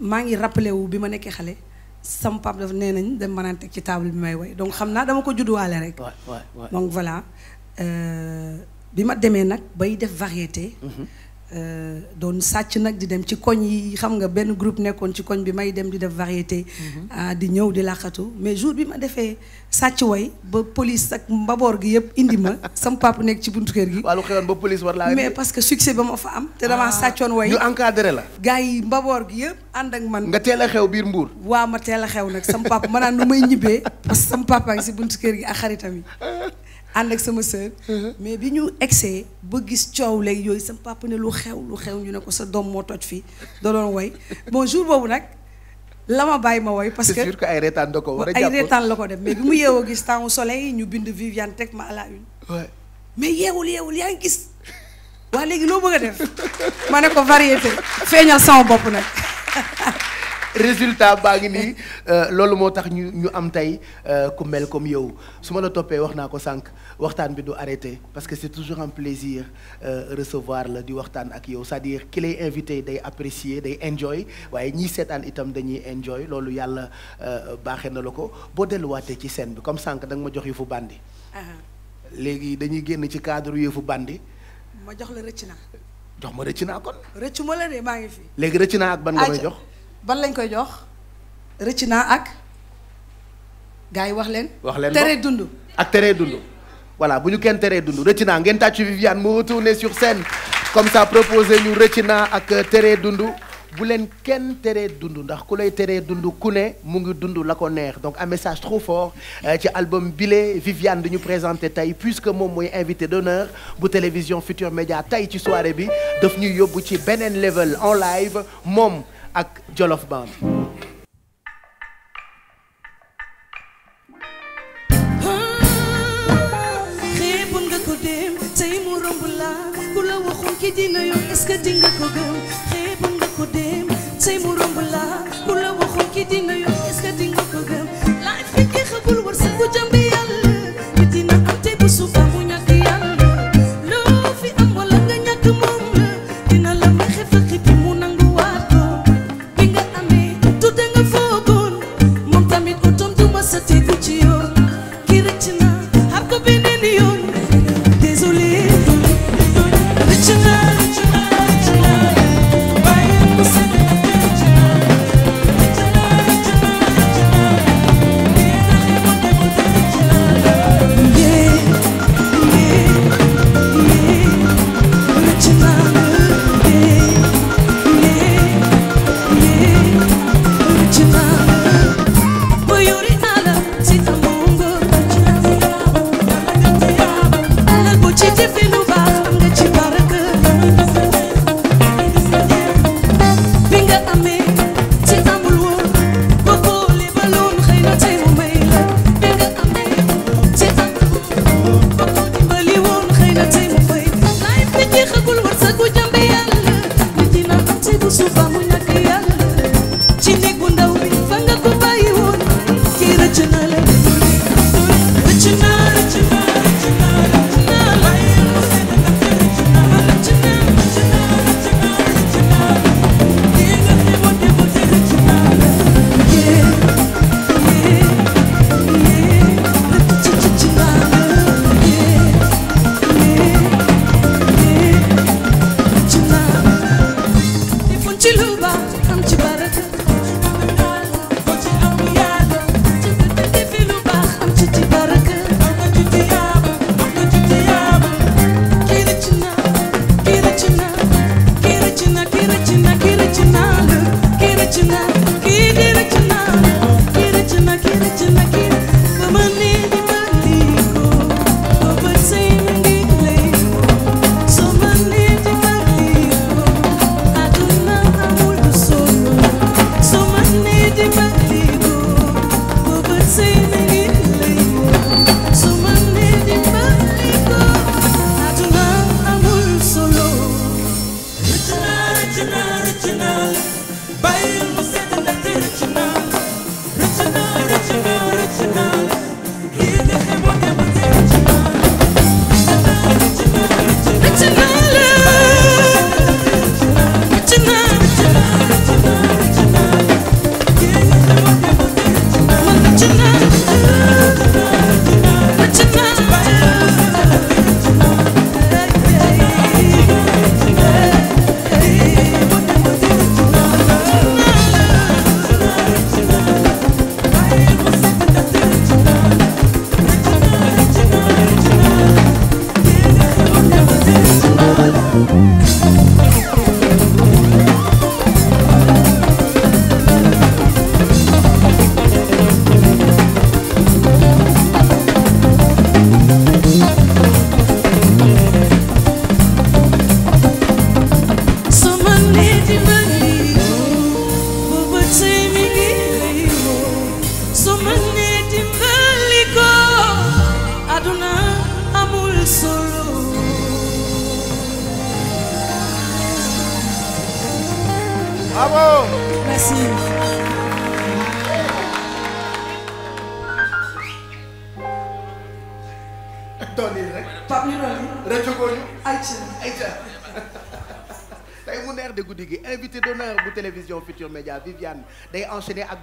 B: maa ngi rappelé wu bi ma nekkee xale. sam pap daf nee nañ dem mën a teg ci table bi may woy donc xam naa dama ko judduwaale rek. donc voilà euh, bi ma demee nag bay def variété. Mm-hmm. Euh, doon sàcc nag di dem ci koñ yi xam nga benn groupe nekkoon ci koñ bi may dem di def variété. Mhm. Ah, di ñëw di làqatu mais jour bi ma defee sàcc way ba police ak mbaboor gi yëpp indi ma *laughs* sam papa nekk ci buntu kër gi. waaw lu xewoon ba police mais parce que succès ba ma fa am. te damaa ah. sàccoon way ñu encadré la. gars yi mbaboor gi yëpp ànd ak man. nga teel a xew biir mbuur. waa ma teel a xew nag sam papa ma naan nu may ñibbee parce que sam papa ngi si buntu kër gi a xaritam yi. *laughs* ànd ak sama sœur. Uh-huh. mais bi ñu egsee ba gis coow léegi yooyu sama papa ne lu xew lu xew ñu ne ko sa doom moo toj fii da doon woy bon boobu nag la ma bàyyi ma woy parce que c'est sûr ay reetaan a jàpp ay la ko def mais bi mu yeewoo gis temps soleil ñu bind Viviane teg ma à la une. mais yeewul yeewul yaa ngi
A: gis. waa léegi loo bëgg a def ma ne ko variété feeñal sama bopp nag. *laughs* résultat baa ngi nii euh, loolu moo tax ñu ñu am tey euh, ku mel comme yow su ma la toppee wax naa ko sànq waxtaan bi du arrêté parce que c'est toujours un plaisir euh, recevoir la di waxtaan ak yow c'est-à-dire ki lay invité day apprécier day enjoy waaye ñiy seetaan itam dañuy enjoy loolu yàlla baaxee na la ko boo delluwaatee ci seen bi comme sànq danga ma jox yëfu bandi. léegi dañuy génn ci cadre yi fu bandi.
B: ma jox la rëcc naa.
A: jox ma rëcc naa kon.
B: rëccu ma la de maa ngi fi.
A: léegi rëcc naa ak ban nga may jox.
B: ban lañ koy jox rëcc naa ak gars yi wax leen. wax leen teree dund.
A: ak teree dundu voilà bu ñu kenn teree dund rëcc naa ngeen tàccu Viviane mu retourné sur scène comme ça proposé ñu rëcc naa ak teree dundu bu leen kenn teree dund ndax ku lay teree dund ku ne mu ngi dundu la ko neex donc un message trop fort euh, ci album bile Viviane di ñu présenter tey puisque moom mooy invité d'honneur bu télévision Futur Média tey ci soirée bi daf ñuy yóbbu ci beneen level en live moom ak Jolof Band
C: xeeboon nga ko dem tey mu romb la ku la waxoon ki dina yoon est-ce que dinga ko gëm xeeboon nga ko dem tey mu romb la ku la waxoon ki dina yoon est-ce que dinga ko gëm laaj fi ki xëbul war sa ku jàmbi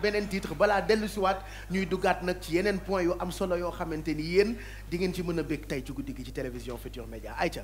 A: beneen titre balaa dellu siwaat ñuy duggaat nag ci yeneen point yu am solo yoo xamante ni yéen di ngeen ci mën a bég tey ci guddi gi ci télévision Futur Média ayca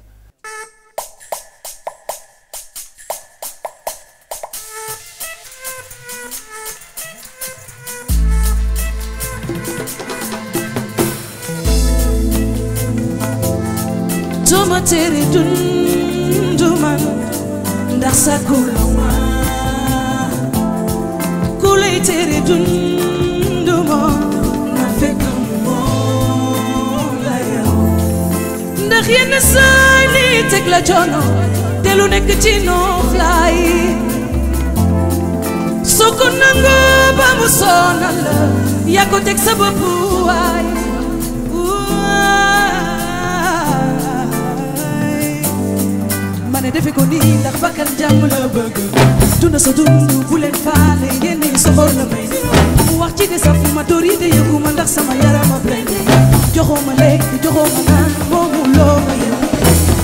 C: la coono te lu ci noof laay soo ko nangoo ba mu sonal la yaa ko teg sa bopp waay ma defe ko nii ndax bakkan jàmm la bëgg dund sa dund bu leen faale yenn yi soxor la may wax ci de saf ma tóor te yëgu ma ndax sama yaram a blende joxoo ma lekk joxoo ma naan moomu loo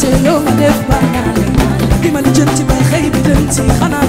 C: te loo ma def ba naa la li ma la jëm ci ba xëy bi dem ci xanaa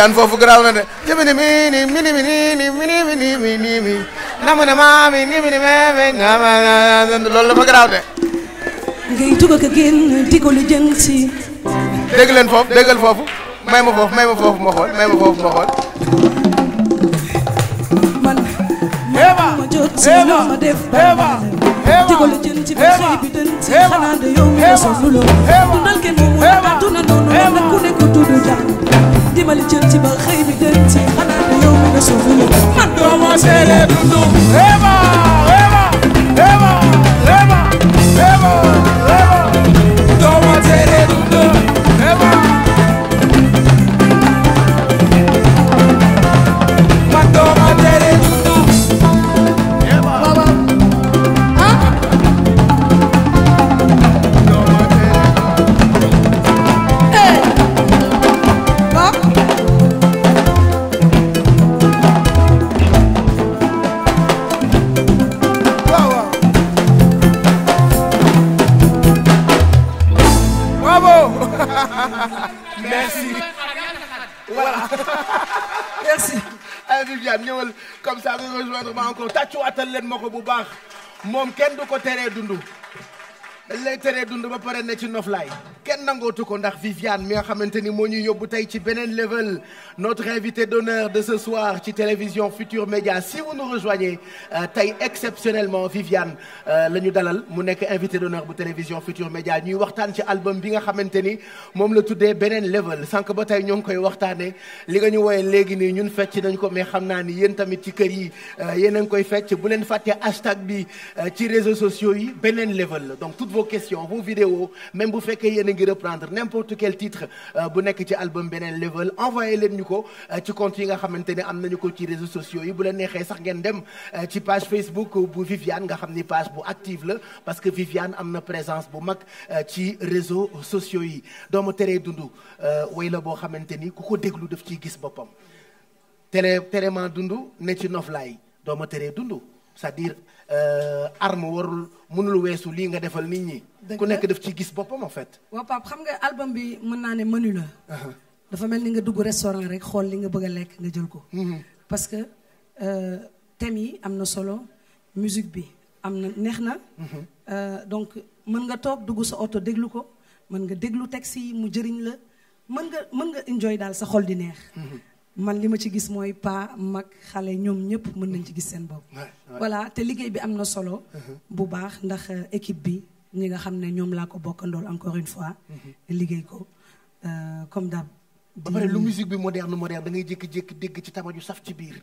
A: Tidiane foofu garaaw na de jëmini mi ni mini mi ni ni mini mi ni mi ni mi namu na maa mi ni mi ni me me loolu dafa garaaw de ngay tuga ka génn di ko lu jëm si dégg leen foofu déggal foofu may ma foofu may ma foofu ma xool may ma foofu ma xool
D: man ma jot si lu ma def di ko lu jëm ci bi xëy bi dën si xanaa
C: de yow mi la sonn loo dundal kenn moom mooy àdduna noonu la ku ne ko tudd jàng dimbali jël ci ba xëy bi dën ci xanaa yow mi nga suuf man doo ma seelee dundu
A: merci. voilà *laughs* merci. Aliou Viviane ñëwal comme ça nga rejoindre ma encore tàccuwaatal leen ma ko bu baax moom kenn du ko teree dund. dañ lay teree dund ba pare ne ci noflaay kenn nangootu ko ndax Viviane mi nga xamante ni moo ñu yóbbu tey ci beneen level notre invité d'honneur de ce soir ci télévision Futur Média si vous nous rejoignez euh, tey exceptionnellement Viviane euh, la ñu dalal mu nekk invité d'honneur bu télévision Futur Média ñuy waxtaan ci album bi nga xamante ni moom la tuddee beneen level sànq ba tey ñoo ngi koy waxtaanee li nga ñu wooyee léegi nii ñun fecc nañ ko mais xam naa ni yéen tamit ci kër yi euh, yéen a ngi koy fecc bu leen fàttee hashtag bi ci réseaux sociaux yi beneen level donc toute vos questions vos vidéos même bu fekkee yéen a ngi reprendre n'importe quel titre euh, bu nekk ci album beneen level envoyé leen ñu ko euh, ci compte yi nga xamante ne am nañu ko ci réseaux sociaux yi bu la neexee sax ngeen dem euh, ci page Facebook bu Viviane nga xam ni page bu active la parce que Viviane am na présence bu mag ci réseaux sociaux yi doomu teree dund way la boo xamante ni ku ko déglu daf ciy gis boppam tere terement dund ne ci noflaay dooma teree dund c'est-à-dire Euh, arme warul mënul weesu lii nga defal nit ñi. ku nekk daf ci gis boppam en fait.
B: waaw Pape xam nga albam bi mën naa ne mënula
A: uh-huh. dafa mel ni nga
B: dugg restaurant rek xool li nga bëgg a lekk nga jël ko. Mm-hmm. parce que euh, thèmes yi am na solo musique bi am na neex na. Mm-hmm. Euh, donc mën nga toog dugg sa oto déglu ko mën nga déglu taxi mu jëriñ la mën nga mën nga enjoy daal sa xol di neex. Mm-hmm. man li ma ci gis mooy pa mag xale ñoom ñëpp mën nañ ci gis seen bopp. voilà te liggéey bi am na solo. Uh-huh. bu baax ndax euh, équipe bi ñi nga xam ne ñoom laa ko bokkandool encore une fois. Uh-huh. liggéey ko euh, comme dab
C: ba pare lu musique
A: bi moderne moderne da ngay jékki-jékki dégg ci tama ju saf ci biir.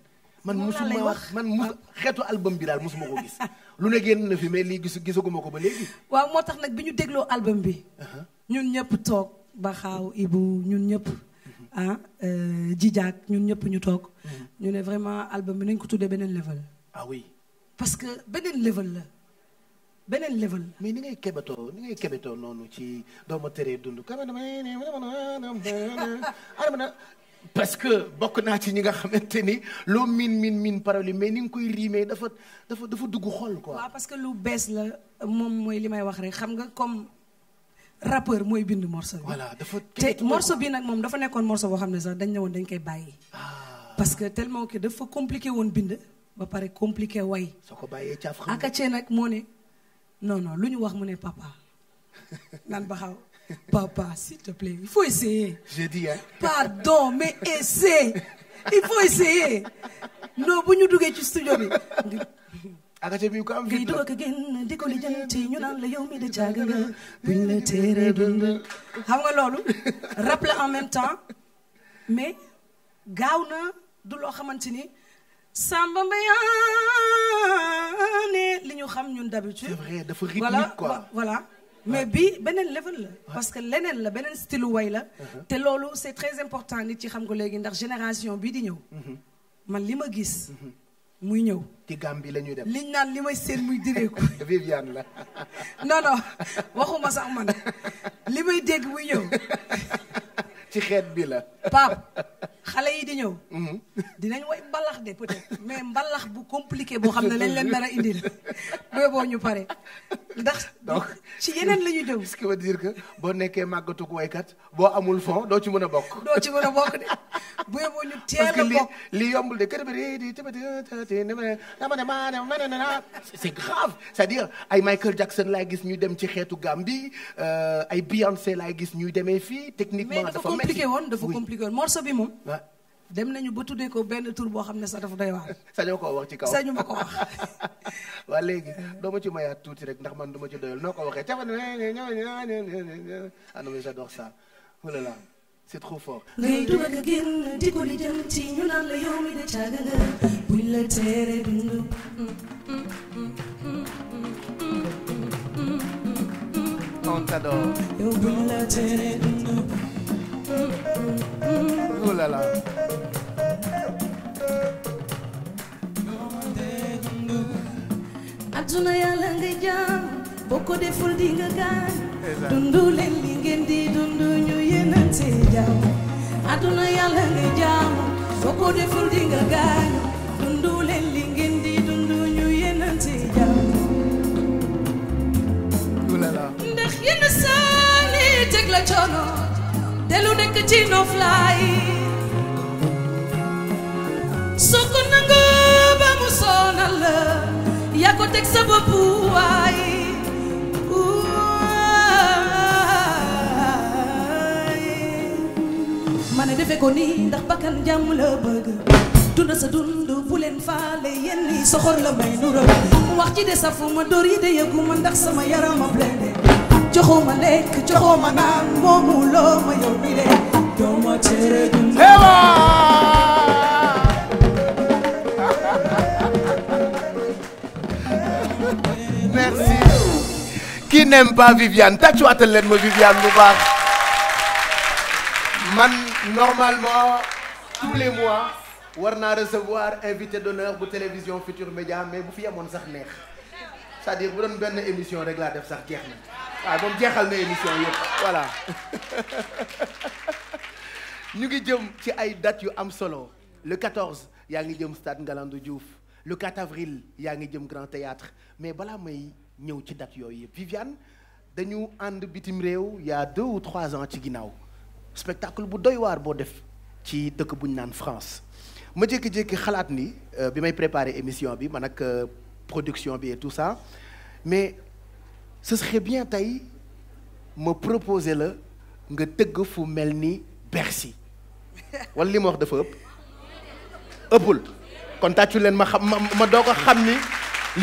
A: man musuma wax man mus xeetu album bi daal musuma ko gis. *laughs* lu ne génn na fi mais lii gis gisaguma ko ba léegi.
B: waaw moo tax nag bi ñu dégloo album bi. Uh-huh. ñun ñëpp toog ba xaaw bu ñun ñëpp. ah euh, jijaak ñun ñëpp ñu toog. Mm. ñu ne vraiment album bi nañ ko tuddee beneen level.
A: ah parce que beneen level la. beneen level mais ni ngay kebetoo ni ngay kebetoo noonu ci dooma teree dund adama parce que bokk naa ci ñi nga xamante ni loo miin miin miin parole yi mais ni nga koy riimee dafa dafa dafa dugg xool ko waaw parce que lu bees la moom mooy li may wax rek xam nga comme
B: rappeur mooy bind morceau bi. voilà dafa te morceau bi nag moom dafa nekkoon morceau boo xam ne sax dañ ne woon dañ koy bàyyi. Ah. parce que tellement que dafa compliqué woon bind. ba pare compliqué way.
A: soo ko bàyyee caaf
B: xam nag moo ne non non lu ñu wax mu ne papa *laughs* naan ba xaw papa s'il te plaît il faut essayer. j'ai pardon mais essaye il faut essayer non bu ñu duggee ci studio bi. *laughs* akate bi ko am di ko lijjanti ñu naan la yow mi de jàng nga *laughs* buñ xam nga loolu rap en même temps mais gaaw na du loo xamante ni Samba Mbayaane li ñu xam ñun d'habitude c'est vrai dafa rythmique quoi voilà mais bi beneen level la parce que leneen la beneen style way la uh-huh. te loolu c'est très important nit ci xam ko léegi ndax génération bii di ñëw mm-hmm. man li gis mm-hmm. muy ñëw. ci
A: Gambie la ñuy dem li naan li may seen muy direeku. *laughs* Viviane la. *laughs* non non waxuma sax man li may dégg muy ñëw. *laughs* ci xeet bi la.
B: xale yi di ñëw. Mm-hmm. dinañ way mbalax de peut-être mais mbalax bu compliqué boo xam ne lañ leen nar a indil
A: booy boo ñu pare ndax. donc ci yeneen la ñu jëm. ce qui veut dire que boo nekkee màggatu waykat boo amul fond doo ci mën a bokk. doo ci mën a bokk de booy boo ñu teel a bokk parce que li li yombul de kër bi di c'est grave c'est-à-dire ay Michael Jackson laay gis ñuy dem ci xeetu gam Gambie euh, ay Beyoncé laay gis ñuy demee fii techniquement. dafa compliqué woon dafa compliqué woon morceau bi dem nañu ba tuddee ko benn tur boo xam ne sax dafa doy waar. *laughs* sañoo koo wax ci kaw sañu ma ko wax. *laughs* waa léegi doo ma ci mayaat tuuti rek ndax man du ma ci doyal noo ko waxee cafa ne anam ah, j'adore ça oh
B: génn di ko di jëm ci ñu naan la yow de caaga nga buñ la teeree
A: dund.
C: Oh là aduna yàlla nga jaam boo deful di nga gaañ dundu leen li ngeen di dundu ñu yéenante jaam aduna yàlla nga jaam boo ko deful di nga gaañ dundu leen li ngeen di dundu ñu yéenante jaam oh ndax yenn saa ni teg la coono te lu nekk ci noflaay soo ko nangoo ba mu sonal la yaa ko teg sa bopp waay
B: ma ne defe ko nii ndax bakkan jàmm la bëgg dunda sa dund bu leen faale yenn yi soxor
C: la may nural wax ci de sa fu ma dóor yi de yëgu ma ndax sama yaram a blende joxoo ma lekk joxoo *laughs*
A: merci. qui n'aime pas Viviane tàccuwaatal leen ma Viviane bu baax man normalement tous les mois war naa recevoir invité d'honneur bu télévision Futur Média mais bu fi amoon sax neex c'est-à-dire bu doon benn émission rek laa def sax jeex na. waaye ah, moom jeexal na émission yëpp voilà *laughs* ñu ngi jëm ci ay dates yu am solo le 14 yaa ngi jëm stade Ngalandou Diouf le 4 avril yaa ngi jëm Grand Théâtre mais balaa may ñëw ci dat yooyu yëpp Viviane dañu ànd bitim réew yaa a deux ou trois ans ci ginnaaw spectacle bu doy waar boo def ci dëkk bu ñu naan France ma jékki-jékki xalaat ni euh, bi may préparer émission bi man ak euh, production bi et tout ça mais. ce serait bien tey ma proposer la nga tëgg fu mel ni Bercy wala li ma wax dafa ëpp ëppul kon tàccu leen ma xam ma ma doo ko xam ni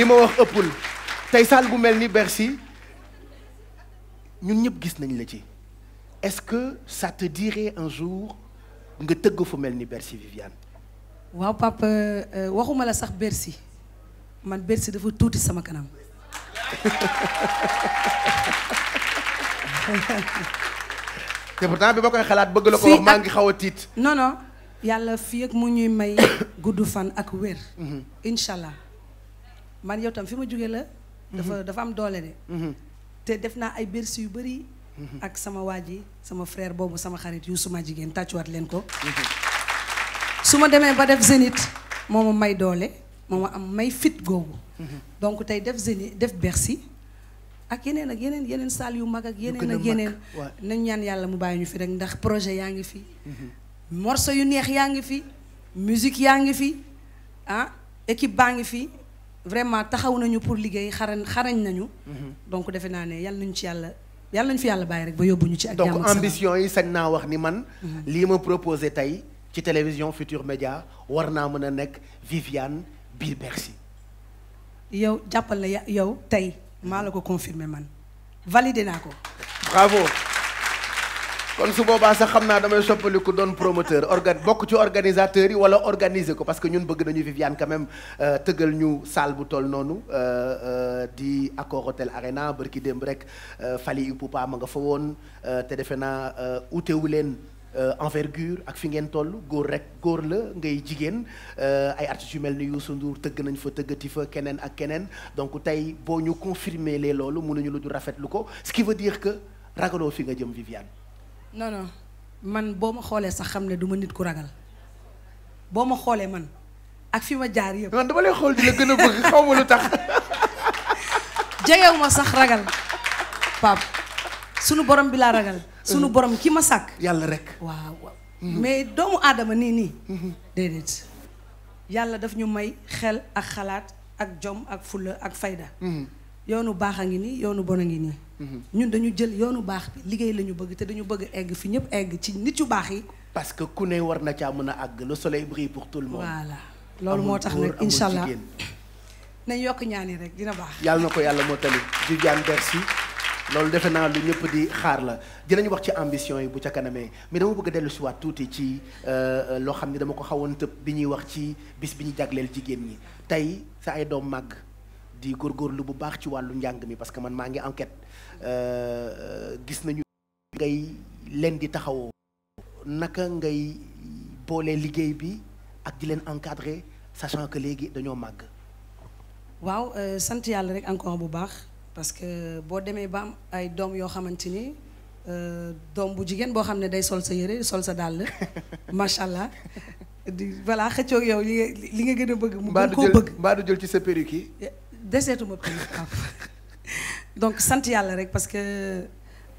A: li ma wax ëppul tey salle bu mel ni Bercy ñun ñëpp gis nañ la ci est-ce que ça te dirait un jour nga tëgg fu mel ni Bercy Viviane waaw papa euh, euh, waxuma la sax Bercy
B: man Bercy dafa tuuti sama kanam
A: *laughs* te pourtant bi ma koy xalaat bëgg la ko wax maa ngi xaw a tiit. non
B: yàlla fii ak mu ñuy may *coughs* gudd fan ak wér. Mhm. incha allah man yow tam fi ma jógee la. Mhm. dafa dafa am doole de. Mhm. te def naa ay bersi yu bari ak sama waa ji sama frair boobu sama xarit yu suma jigéen tàccuwaat leen ko. su ma demee ba def zénith moo ma may doole. moom am may fit googu. Mhm. donc tey def Zénith def Bercy ak yeneen ak yeneen yeneen salle yu mag ak yeneen ak yeneen nañ ñaan yàlla mu bàyyi ñu fi rek ndax projet yaa ngi fi
C: mhm.
B: morceau yu neex yaa ngi fi musique yaa ngi fi ah équipe baa ngi fi vraiment taxaw nañu pour liggéey xarañ xarañ nañu mhm. donc defe naa ne yàlla nañu ci yàlla
A: yàlla nañu fi yàlla bàyyi rek ba yóbbu ñu ci ak donc ambition yi sañ naa wax ni man lii ma proposé tey ci télévision Futur Média war naa mën a nekk Viviane biir Bercy.
B: yow jàppal la yow tey maa la ko confirmer man validé naa ko.
A: bravo kon su boobaa sax xam naa damay soppaliku doon promoteur organ bokk ci organisateur yi wala organiser ko parce que ñun bëgg nañu Viviane quand même euh, tëggal ñu salle bu toll noonu euh, euh, di Accor Hotel Arena bërki démb rek Fally Ipupa ma nga fa woon te defe naa utewu leen. Euh, envergure ak fi ngeen tollu góor rek góor la ngay jigéen euh, ay artistes yu mel ni Youssou Ndour tëgg nañ fa tëggati fa keneen ak keneen donc tey boo ñu confirmer lee loolu mun mënuñu lu du rafetlu ko ce qui veut dire que ragaloo fi nga jëm Viviane.
B: non non man boo ma xoolee sax xam ne du ma nit ku ragal boo ma xoolee man ak fi ma jaar yëpp. man dama lay xool di gën a bëgg xaw ma lu tax. *laughs* jegewu ma sax ragal Pape sunu borom bi laa ragal. sunu borom ki ma sàkk. yàlla rek waaw mais doomu aadama nii nii. Mhm. déedéet yàlla daf ñu may xel ak xalaat ak jom ak fulla ak fayda. Mhm. yoonu baax a ngi nii yoonu bon a ngi nii. Mhm. ñun dañu
A: jël yoonu baax liggéey la ñu bëgg te dañu bëgg egg fi ñëpp egg ci nit yu baax yi. parce que ku ne war na caa mën a àgg le soleil brille pour tout le monde. loolu moo tax nag incha allah
B: nañ yokk ñaani rek dina baax.
A: yàlla na ko yàlla moo tali Viviane merci. loolu defe naa lu ñëpp di xaar la dinañ wax ci ambition yi bu ca kanamee mais dama bëgg a dellu si tuuti ci euh, loo xam ne dama ko xawoon tëb bi ñuy wax ci bis bi ñu jagleel jigéen ñi tey sa ay doom màgg di góor góor lu bu baax ci wàllu njàng mi parce que man maa ngi enquête euh, gis nañu ngay leen di taxawoo naka ngay boole liggéey bi ak di leen encadrer sachant que léegi dañoo màgg
B: waaw euh, sant yàlla rek encore bu baax parce que boo demee ba am ay doom yoo xamante ni euh, doom bu jigéen boo xam ne day sol sa yére sol sa dàll *laughs* macha allah di voilà xëccoog yow li nga li nga gën a bëgg. mu gën bëgg
A: mbaa du jël ci sa perruque yi.
B: deseetuma perruque *laughs* donc sant yàlla rek parce que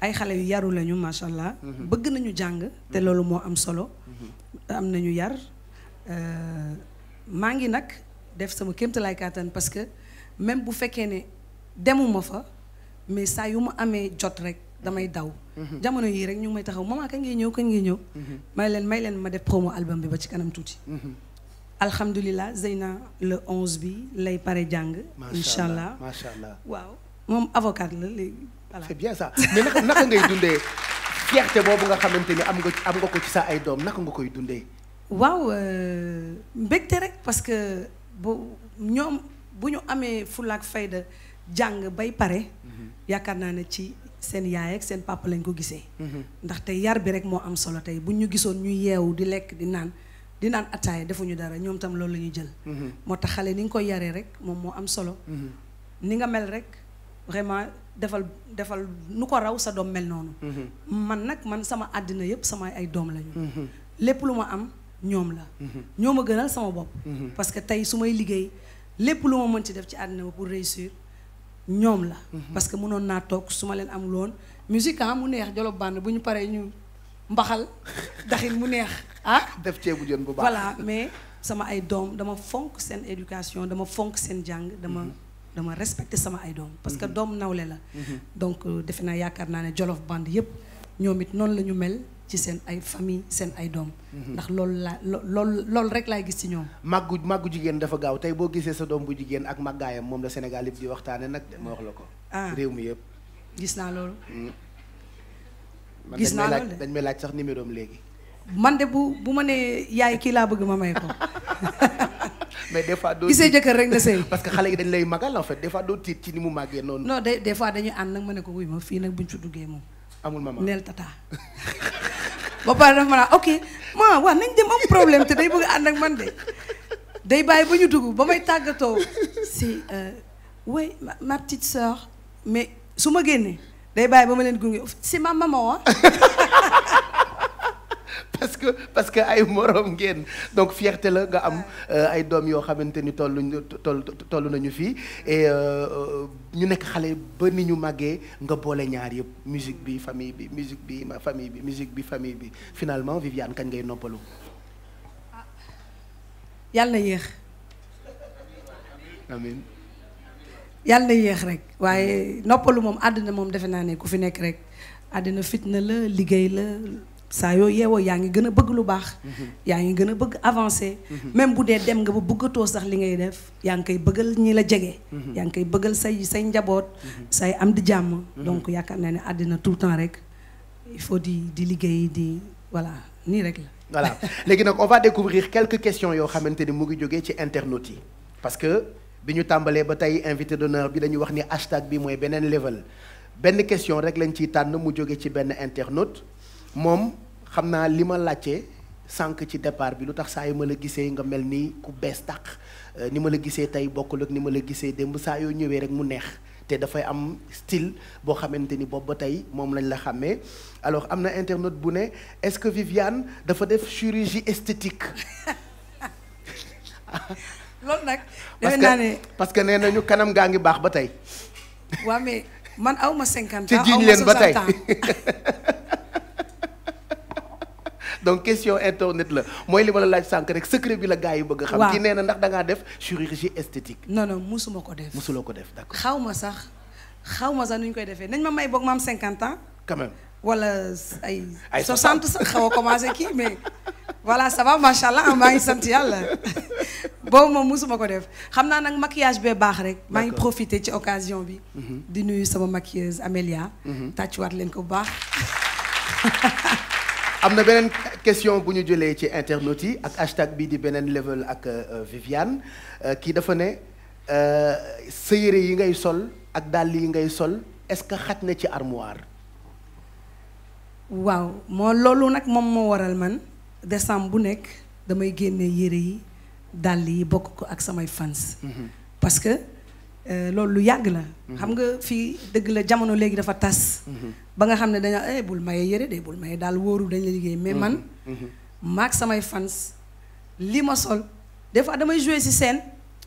B: ay xale yu yaru lañu macha allah. Mhm. bëgg nañu jàng. te mhm. loolu moo am solo. Mhm. am nañu yar euh, maa ngi nag def sama kéemtalaay kàttan parce que même bu fekkee ne. demuma fa mais saa yu ma amee jot rek damay daw. Mhm. jamono yii rek ñu ngi may taxaw maman kañ ngay ñëw kañ ngay ñëw. Mhm. may leen may leen ma def promo album bi ba ci kanam tuuti. Mhm. alhamdulilah Zeyna le onze bi lay pare jàng. macha allah macha allah waaw moom avocat la léegi. voilà c'est bien ça mais naka
A: naka ngay dundee fierté boobu nga xamante ni am nga am nga ko ci sa ay doom naka nga koy dundee. waaw euh, mbégte rek parce que bu ñoom
B: bu ñu amee fulaak fayda. jàng bay pare mhm. yaakaar naa ne ci seen yaay ak seen papa lañ ko gisee ndax mhm. ndaxte yar bi rek moo am solo tey bu ñu gisoon ñu yeewu di lekk di naan di naan attaaya defuñu dara ñoom tam loolu la ñuy jël mhm. moo tax xale ni nga koy yaree rek moom moo am solo ni nga mel rek vraiment defal defal nu ko raw sa doom mel noonu man nag man sama àddina yëpp sama ay doom lañu lépp lu ma am ñoom la ñoo ma gënal sama bopp parce que tey su may liggéey lépp lu ma mën ci def ci àddina ba pour réussir ñoom la. Mhm. parce que mënoon naa toog su ma leen amul woon musique ah, mu neex jolof band bu ñu paree ñu mbaxal *laughs* daxin mu neex
A: ah. def ceebu jën bu baax
B: mais sama ay doom dama fonk seen éducation dama fonk seen jàng dama. Mhm. dama respecté sama ay doom parce que mhm. doom nawle la donc euh, defe naa yaakaar naa ne jolof band yépp ñoom it noonu la ñu mel ci seen ay famille seen ay doom. Mhm. ndax lool laa loolu loolu rek laay gis ci ñoom.
A: màggu màggu jigéen dafa gaaw tey boo gisee sa doom bu jigéen ak màggaayam moom la Sénégal yëpp waxtaane nag de wax la ko. Ah. réew mi yëpp. gis naa loolu. Hmm. gis naa loolu dañ may laaj sax numéro am léegi.
B: man de bu bu ma
A: nee kii laa bëgg ma may ko. *laughs* mais des fois doo gisee jëkkër rek nga sëy parce que xale yi dañ lay magal en fait des fois doo tiit ci ni mu màggee noonu. non
B: des dañuy ànd nag ma ne ko wuy ma fii nag buñ ci duggee moom. amul maman neel tata ba pare dafa ma naa ok ma wa nañ dem am problème te day bëgg ànd ak man de day bàyyi ba ñu dugg ba may tàggatoo si euh, oui ma petite sœur mais su ma génnee day bàyyi ba ma leen gunge c'est ma maman ah
A: parce que parce que ay moroom ngeen donc fierté la nga am euh, ay doom yoo xamante ni toll toll toll nañu fi et euh, euh, ñu nekk xale ba ni ñu màggee nga boole ñaar yëpp musique bi famille bi musique bi famille bi musique bi famille bi finalement Viviane kañ ngay noppalu. Ah, yàlla yéex. amiin.
B: yàlla yéex rek waaye noppalu moom àddina moom defe naa ne ku fi nekk rek àddina fitna la liggéey la. saa yoo yeewoo yaa ngi gën a bëgg lu baax. Mm-hmm. yaa ngi gën a bëgg avancé mm-hmm. même bu dee dem nga ba bëggatoo sax li ngay def yaa ngi koy bëggal ñi la jege. Mm-hmm. yaa ngi koy bëggal say say njaboot. say am di jàmm. donc yaakaar naa ne àddina tout le temps rek il faut di di liggéey di voilà nii rek la.
A: voilà *laughs* léegi nag on va découvrir quelques questions yoo xamante ni mu ngi jógee ci internautes yi parce que bi ñu tàmbalee ba tey invité d'honneur bi dañu wax ni hashtag bi mooy beneen level benn question rek lañ ciy tànn mu jóge ci benn internaute moom. xam naa li ma laajte sànq ci départ bi lu tax saa yu ma la gisee nga mel nii ku bees tàq euh, ni ma la gisee tey bokkul ak ni ma la gisee démb saa yoo ñëwee rek mu neex te dafay am style boo xamante ni boobu ba tey moom lañ la xàmmee alors am na internet bu ne est-ce que Viviane dafa def chirurgie esthétique. *laughs*
B: loolu nag. defe naa ne
A: parce que nee nañu kanam gaa ngi baax ba tey.
B: waaw mais man aw ma cinquante ans aw ma ba tey. *laughs*
A: donc question internet la mooy li ma la laaj sànq rek secret bi la gars yi bëgg xam ci nee na ndax da ngaa def chirurgie esthétique non non musuma ko def musuloo ko def d'accord
B: xaw ma sax xaw ma sax nu ñu koy defee nañ ma may boog ma am cinquante ans quand wala ay soixante sax xaw a commencé kii mais voilà ça va macha allah ah, maa ngi sant yàlla *laughs* boobu moom musuma ko def xam naa nag maquillage bee baax rek maa ngi profité ci occasion bi mhm. di nuyu sama maquilleuse Amélia mhm. wat leen ko bu baax *laughs*
A: am na beneen question bu ñu jëlee ci internautes yi ak hashtag bii di beneen level ak euh, Viviane euh, kii dafa ne euh, sa yére yi ngay sol ak dàll yi ngay sol est-ce que xaj na ci armoire.
B: waaw moo loolu nag moom moo waral man décembre bu nekk damay génne yére yi dàll yi bokk ko ak samay fans. Mm-hmm. parce Euh, loolu lu yàgg la. Mhm. xam nga fii dëgg la jamono léegi dafa tas. Mhm. ba nga xam ne dañoo eh bul maye yëre de bul maye daal wóoru dañ la liggéey mais
C: mhm.
B: man. samay fans li ma sol des fois damay jouer ci scène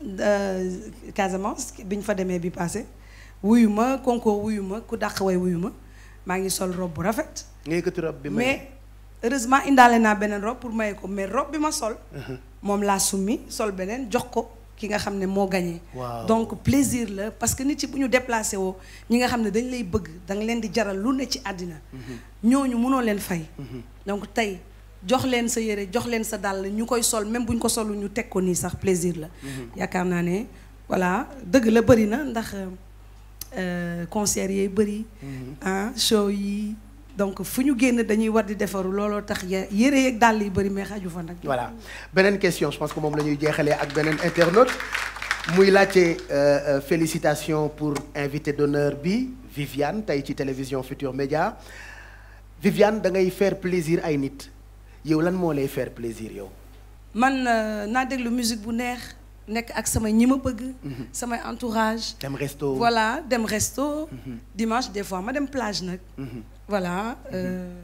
B: euh, Casamance bi ñu fa demee bi passé wuyu ma concours wuyu ma ku dàq way wuyu ma maa ngi
A: sol rob bu rafet. nga yëkkati robe bi mais
B: heureusement indaale naa beneen robe pour maye ko mais robe bi ma sol. moom laa summi sol beneen jox ko. ki nga xam ne moo gagné. donc plaisir la parce que nit ci bu ñu déplacé woo ñi nga xam ne dañ lay bëgg danga leen di jaral lu ne ci àddina. Mhm. ñooñu mënoo leen fay. Mhm. donc tey jox leen sa yére jox leen sa dàll ñu koy sol même bu ñu ko solu ñu teg ko nii sax plaisir la. Mhm. yaakaar naa ne voilà dëgg la bëri na ndax euh, euh, concert yee bëri. Ah, show yi. donc fu ñu génn dañuy war di defaru looloo tax yére yeeg dàll yi bëri mais xaju fa nag.
A: voilà beneen question je que moom la ñuy jeexalee ak beneen internaute muy laajte euh, euh, félicitation pour invité donneur bi Viviane tey ci télévision Futur Média Viviane da ngay faire plaisir ay nit yow lan moo lay faire plaisir yow.
B: man euh, naa déglu musique bu neex. nekk ak sama ñi ma bëgg. Mhm. samay entourage.
A: dem resto voilà
B: dem mhm. dimanche des fois ma dem plage nag. Mhm. voilà mhm. euh,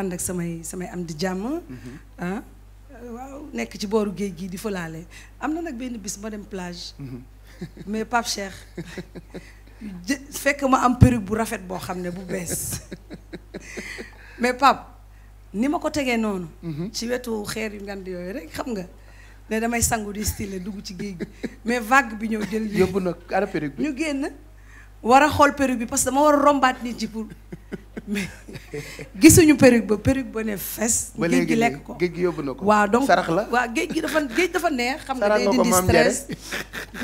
B: ànd ak samay samay am di jàmm mhm. ah, euh, waaw nekk ci booru géej gi di fëlaale am na nag benn bis ma dem plage mhm. *laughs* mais Pape Cheikh fekk ma am perruque bu rafet boo xam ne bu bees *laughs* mais Pape ni ma ko tegee noonu ci wetu xeer yu ngand yooyu rek xam nga ne damay sangu di style dugg ci géej gi mais vague bi ñëw jël *laughs* yóbbu na ana perruque bi ñu génn war a xool perruque bi parce que dama war a rombaat nit ji pour mais gisuñu perruque ba perruque ba ne fes. géej gi lekk ko géej yóbbu na ko. waaw donc sarax la waa géej gi dafa géej dafa neex. xam nga day dindi stress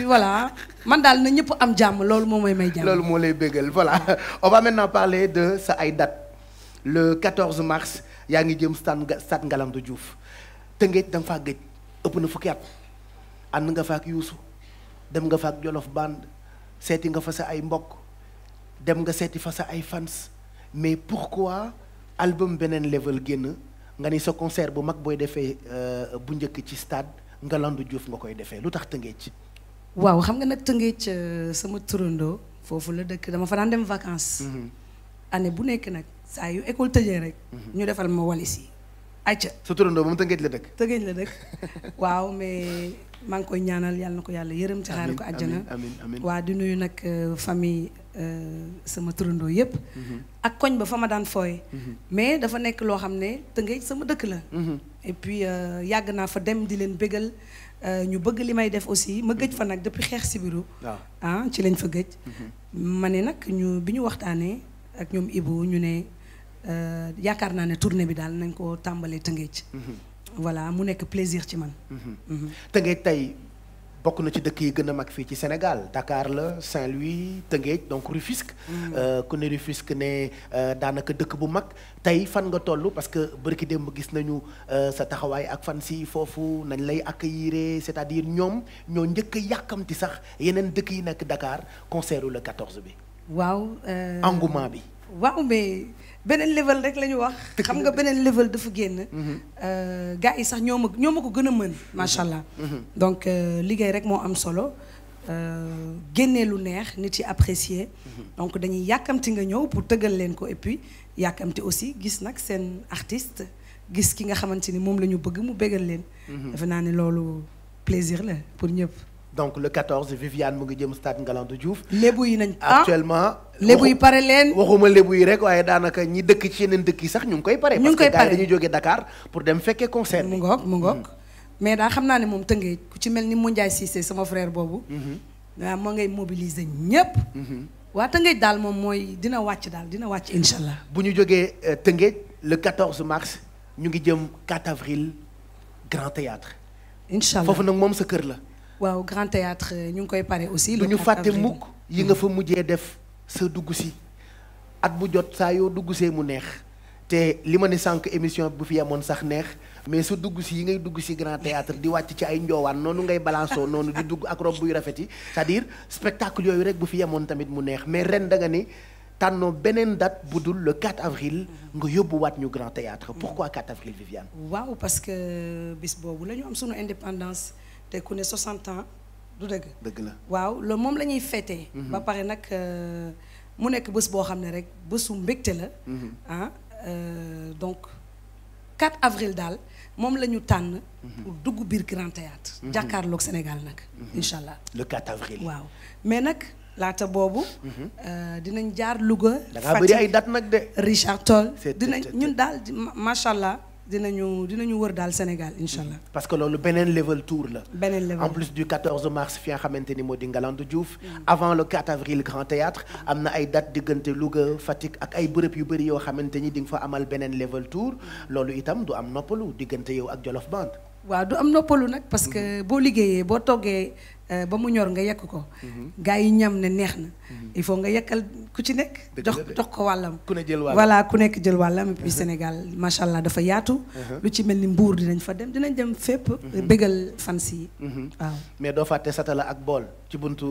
A: voilà. man daal na ñëpp am jàmm loolu moom mooy may jàmm. moo lay béggal voilà on va maintenant de sa ay date le 14 mars yaa ngi jëm stade stade Ngalandou Diouf Tëngéej da fa géej ëpp na fukki at ànd nga fa yuusu dem nga fa ak Jolof Band. seeti nga fa sa ay mbokk dem nga seeti fa sa ay fans mais pourquoi album beneen level génn nga ni sa concert bu mag booy defee euh, bu njëkk ci stade Ngalandou Diouf nga koy defee lu tax Tëngéej.
B: waaw xam nga nag Tëngéej euh, sama turandoo foofu la dëkk dama fanaan dem vacances. Mm-hmm. année bu nekk nag saa yu école tëjee rek. Mm-hmm. ñu defal ma walis yi.
A: acca sa turandoo moom Tëngéej la dëkk.
B: Tëngéej la dëkk *laughs* waaw mais. maa ngi koy ñaanal yàlla na ko yàlla yërëm ci xaari ko àjjana waa di nuyu nag euh, famille euh, sama turandoo yëpp mm-hmm. ak koñ ba fa ma daan fooy mm-hmm. mais dafa nekk loo xam ne Tëngéej sama dëkk la mm-hmm. et puis euh, yàgg naa fa dem di leen bégal ñu bëgg li may def aussi ma gëj fa nag depuis xeex sibiru ah, ah ci lañ fa gëj ma ne nag ñu bi ñu waxtaanee ak ñoom Ibou ñu ne yaakaar naa ne tournée bi daal nañ koo tàmbalee Tëngéej voilà mu nekk
A: plaisir ci man. Mhm. Mhm. Tëngéej tey bokk na ci dëkk yi gën a mag fii ci Sénégal Dakar la Saint-Louis Tëngéej donc Rufisque. Mhm. Euh, ku ne Rufisque ne euh, daanaka dëkk bu mag tey fan nga toll parce que bërki démb gis nañu euh, sa taxawaay ak fan si foofu nañ lay accueillir c'est-à-dire ñoom ñoo njëkk yàkkamti sax yeneen dëkk yi nekk dakaar concert le 14 bi.
B: waaw engouement bi. waaw mais beneen level rek la ñu wax xam nga beneen level dafa génn mhm. euh, gars yi sax ñoo ma ñoo ma ko gën a mën macha allah mhm. mhm. donc euh, liggéey rek moo am solo euh, génnee lu neex nit yi apprécier donc dañuy yàkkamti nga ñëw pour tëggal leen ko et puis yàkkamti aussi gis nag seen artist gis ki nga xamante ni moom la ñu bëgg mu bëggal leen
A: dafa naa ne loolu plaisir la pour ñëpp donc le 14 Viviane mu ngi jëm stade Ngalandou Diouf. lébu yi nañ ah, actuellement. lébu yi pare leen waxuma lébu yi rek waaye daanaka ñi dëkk ci yeneen dëkk yi sax ñu ngi koy pare. ñu ngi koy pare parce que gars yi dañuy jógee Dakar pour dem fekkee mu ngoog mu mm.
B: daa xam naa ne moom tëngee ku ci mel ni Moundiaye Cissé sama frère boobu. waaw mm-hmm. moo ngay mobiliser ñëpp. Mm-hmm. waa Tëngéej daal moom mooy dina wàcc daal dina wàcc incha allah.
A: bu ñu jógee euh, Tëngéej le 14 mars ñu ngi jëm 4 avril Grand Théâtre incha allah foofu nag moom sa kër la.
B: waaw Grand Théâtre ñu ngi koy pare aussi. lu ñu fàtte mukk
A: yi nga fa mujjee def sa dugg si at bu jot saa yoo dugg see mu neex te li ma ne sànq émission bu fi yemoon sax neex mais sa dugg si yi ngay dugg si Grand Théâtre di wàcc ci ay njoowaan noonu ngay balansoo noonu di dugg ak rob buy rafet yi c'est-à-dire spectacle yooyu rek bu fi yemoon tamit mu neex mais ren da nga ni tànnoo beneen date bu dul le 4 avril nga yóbbu waat ñu Grand Théâtre pourquoi 4 avril Viviane
B: waaw parce que euh, bis boobu la ñu am sunu indépendance te ku ne 60 ans du dëgg. dëgg la waaw loolu moom la ñuy fêter. Mhm. ba pare nag euh, mu nekk bës boo xam ne rek bësu mbégte la. Mhm. ah euh, donc 4 avril daal moom la ñu tànn. Mhm. pour dugg biir Grand Théâtre jàkkaarloog Sénégal nag. incha allah
A: le avril. waaw
B: mais nag. laata boobu. Euh, dinañ jaar Louga. Fatick da ngaa bëri ay date nag ñun daal macha allah. dinañu dinañu wër daal Sénégal incha allah.
A: parce que loolu beneen level tour la. beneen level en plus du 14 mars fi nga xamante ni moo di Ngalandou Diouf. Mm. avant le 4 avril Grand Théâtre mm. am na ay date diggante Louga Fatick ak ay bërëb yu bëri yoo xamante ni di nga fa amal beneen level tour mm. loolu itam du am noppalu diggante yow ak Jolof Band.
B: waaw du am noppalu nag parce que boo liggéeyee boo toggee. Euh, ba mu ñor nga yekk ko. Mhm. gars yi ñam ne neex na. Mhm. il faut nga yekkal ku ci nekk. jox jox ko wàllam.
A: ku ne jël wàllam
B: ku nekk jël wàllam. et puis mhm. Sénégal macha allah dafa yaatu. lu ci mel ni mbuur dinañ fa dem dinañ dem fépp. Euh, bégal fans yi.
A: mais doo fàtte satala ak bool ci buntu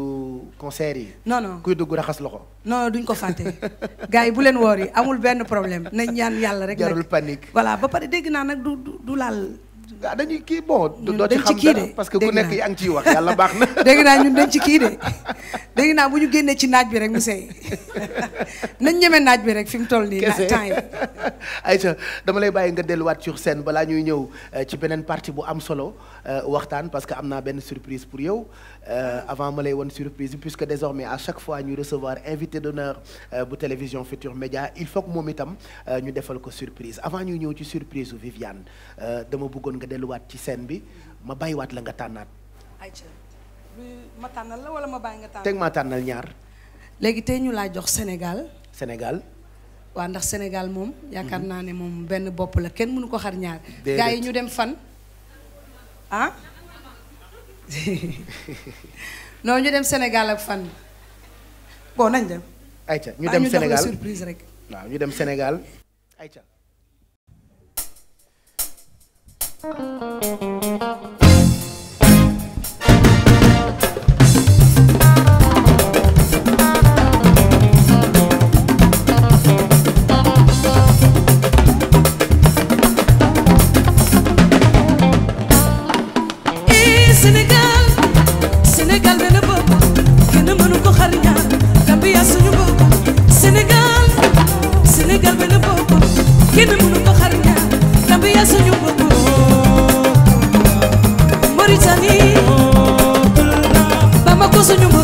A: concert yi. non non kuy dugg raxas loxo.
B: non duñ ko fàtte
A: *laughs* gaa yi bu
B: leen woor yi amul benn problème nañ ñaan yàlla rek. jarul ba pare dégg naa nag du du laal. ah dañuy kii bon. doo ci xam dara parce que ku nekk yaa ngi ciy wax yàlla baax na. *laughs* dégg naa ñun dañ ci kii de dégg naa bu ñu génnee ci naaj bi rek mu sey *laughs* nañ ñeme naaj bi rek fi mu toll nii. kese
A: temps yi *laughs* dama lay bàyyi nga delluwaat sur scène balaa ñuy ñëw euh, ci beneen partie bu am solo euh, waxtaan parce que am naa benn surprise pour yow Euh, avant ma lay woon surprise puisque désormais à chaque fois ñu recevoir invité d'honneur euh, bu télévision Futur Média il faut moom itam euh, ñu defal ko surprise avant ñuy ñëw ci surprise u Viviane dama bëggoon nga delluwaat ci scène bi ma waat la nga tànnaat.
B: ayca ma tànnal la wala ma bàyyi nga tànnal.
A: maa tànnal ñaar. léegi tey ñu laa jox Sénégal. Sénégal. waa ndax
B: Sénégal moom. yaakaar mhm. naa ne moom benn bopp la kenn mënu ko xar ñaar. gaa yi ñu dem fan ah?
A: *laughs*
B: non ñu dem Sénégal ak fan. bon nañ dem.
A: ayca ñu ah, dem Sénégal ñu surprise rek. waaw ñu Sénégal suñu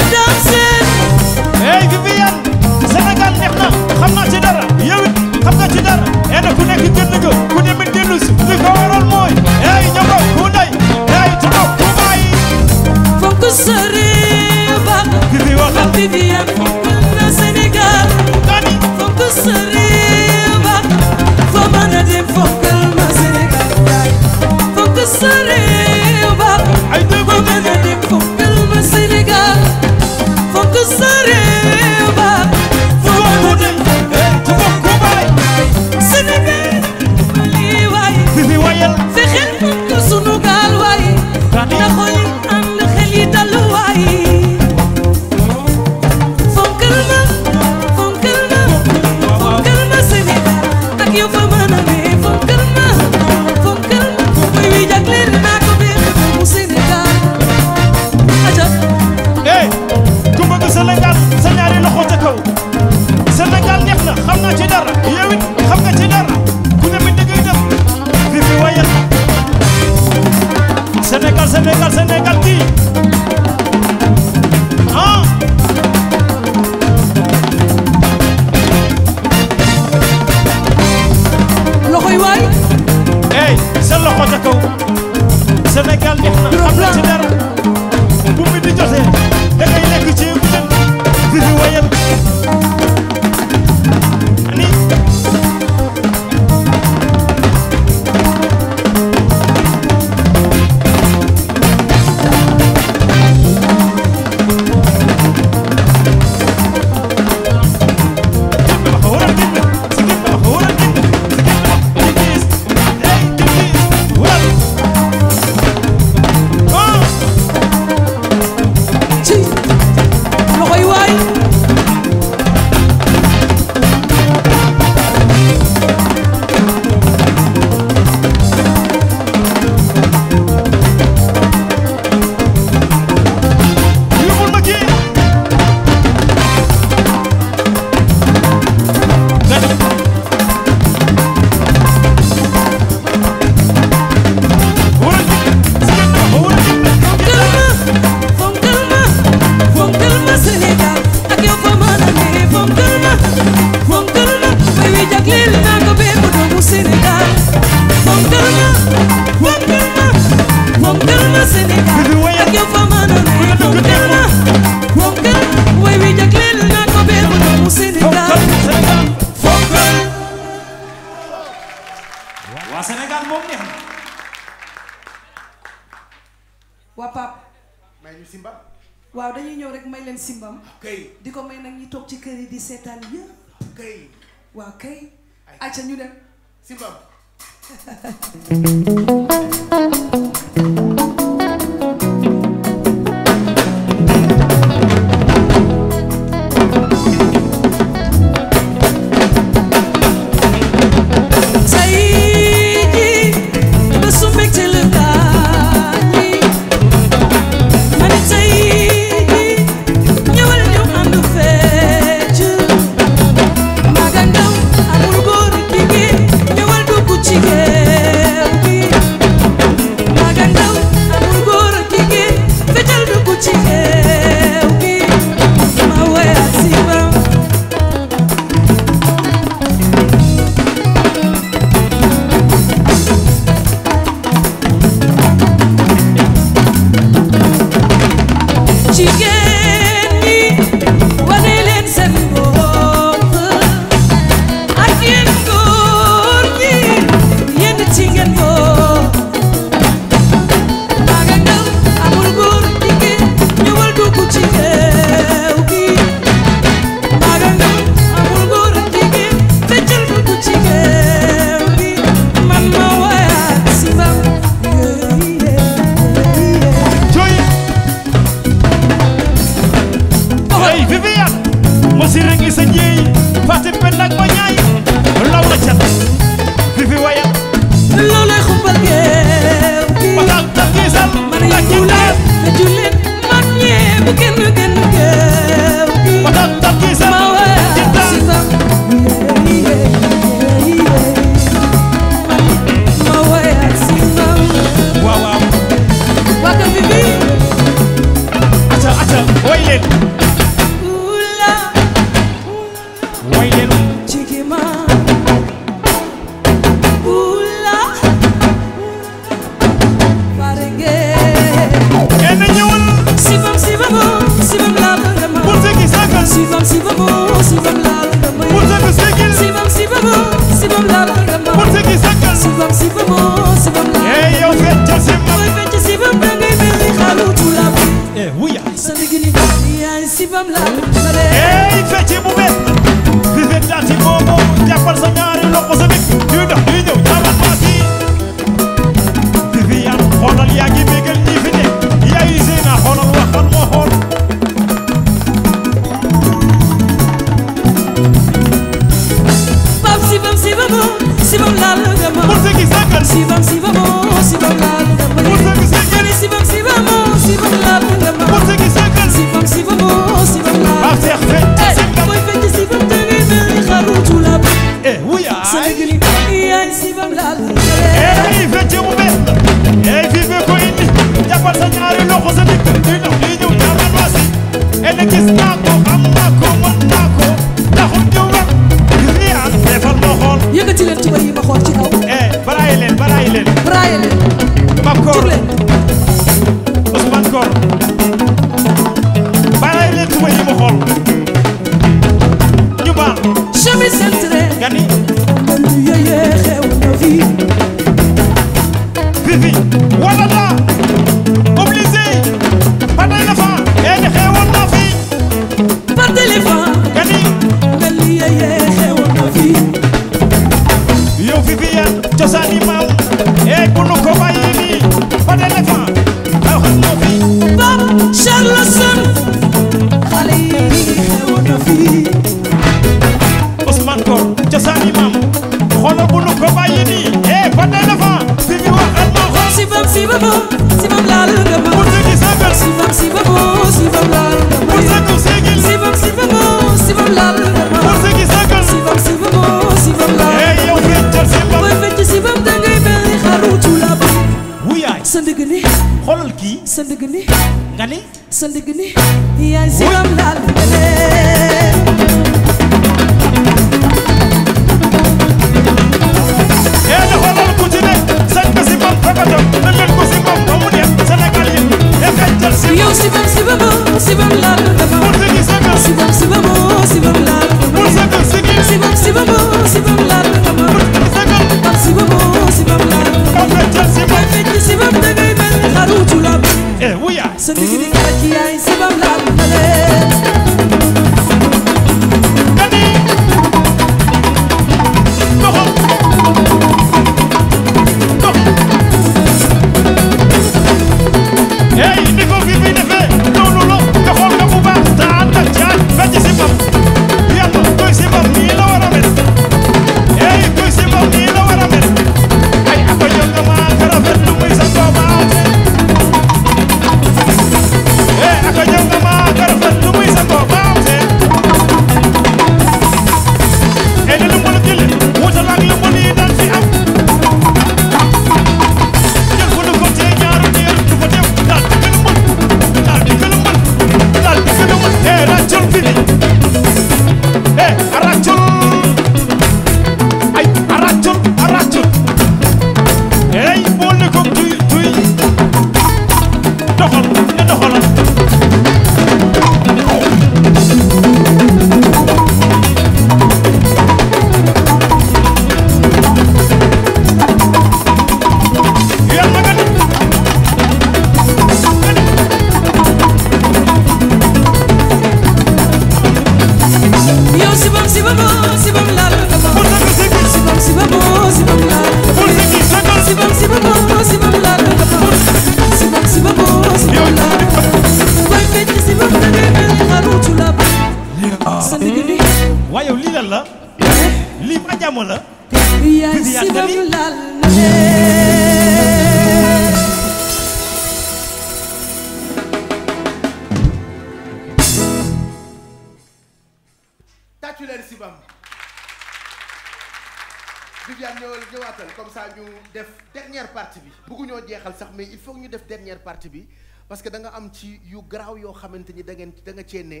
A: ci yu garaaw yoo xamante ni da ngeen da nga ne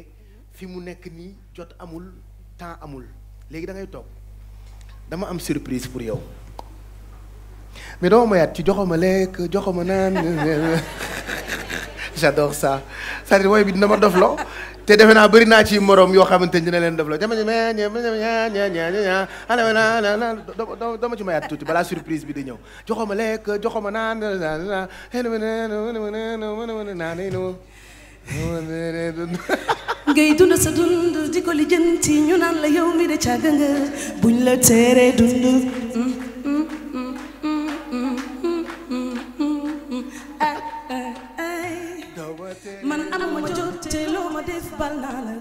A: fi mu nekk nii jot amul temps amul léegi da ngay toog dama am surprise pour yow mais dama mayaat ci joxoma lekk joxoma naan *laughs* j'adore ça c'est-à-dire bi dina ma loo te defe naa bëri naa ci morom yoo xamante dina leen def la jama ñañañañañañañañaña dama ci mayaat tuuti balaa surprise bi di ñëw joxoma lekk joxoma naan naan ngay
B: dund sa dund di ko lijjanti ñu naan la yow mi de càgg nga buñ la teeree dund
C: man amuma jot te loo ma def bal naa la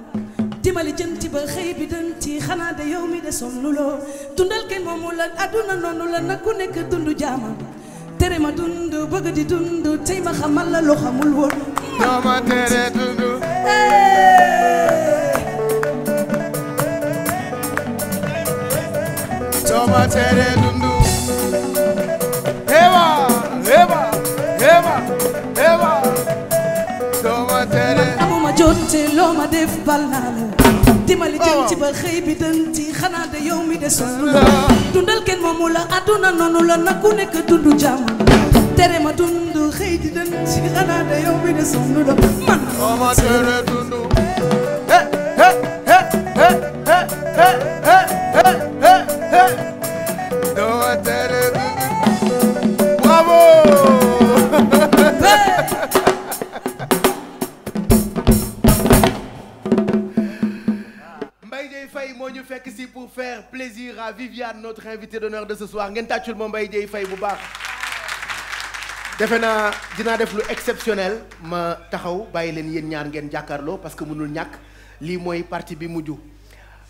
B: dimbali jënt ba xëy bi dën xanaa de yow mi de sonn loo dundal kenn moomu la adduna noonu la nag ku nekk dund jaama tere ma dund bëgg di dund tey ma xamal la loo xamul woon.
C: doo tere dund.
D: doo ma tere
C: ma tere a jot te loo ma def bal naa la dimbali jëm oh. ci ba xëy bi dën ci xanaa de yow mi de sonn la oh. dundal kenn moomu la àdduna noonu la nag ku nekk dund jàmm tere ma dund xëy di dën ci xanaa de yow mi de sonn la man loo oh, ma tere dund
D: eh eh eh eh eh eh eh eh doo ma tere
A: Viviane notre invité d'honneur de ce soir ngeen tàccul ma Mbaye Dieye Faye bu baax. defe naa dinaa def lu exceptionnel ma taxaw bàyyi leen yéen ñaar ngeen jàkkaarloo parce que mënul ñàkk lii mooy partie bi mujj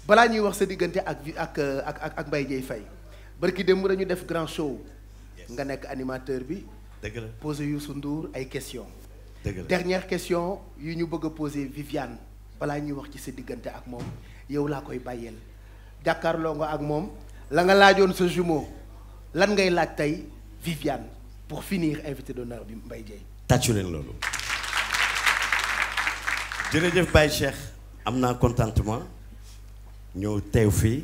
A: balaa ñuy wax sa diggante ak euh, ak ak ak Mbaye Dieye Faye barki démb dañu def grand show nga nekk animateur bi. dëgg la posé Youssou Ndour ay questions.
E: dëgg la dernière
A: question yu ñu bëgg a posé Viviane balaa ñuy wax ci sa diggante ak moom yow laa koy bàyyeel. jàkkaarloo nga ak moom la nga laajoon sa jumeau lan ngay laaj tey Viviane pour finir invité d'honneur bi mbay Dieye
E: tàccu leen loolu jërëjëf Baye Cheikh am naa contentement ñëw teew fii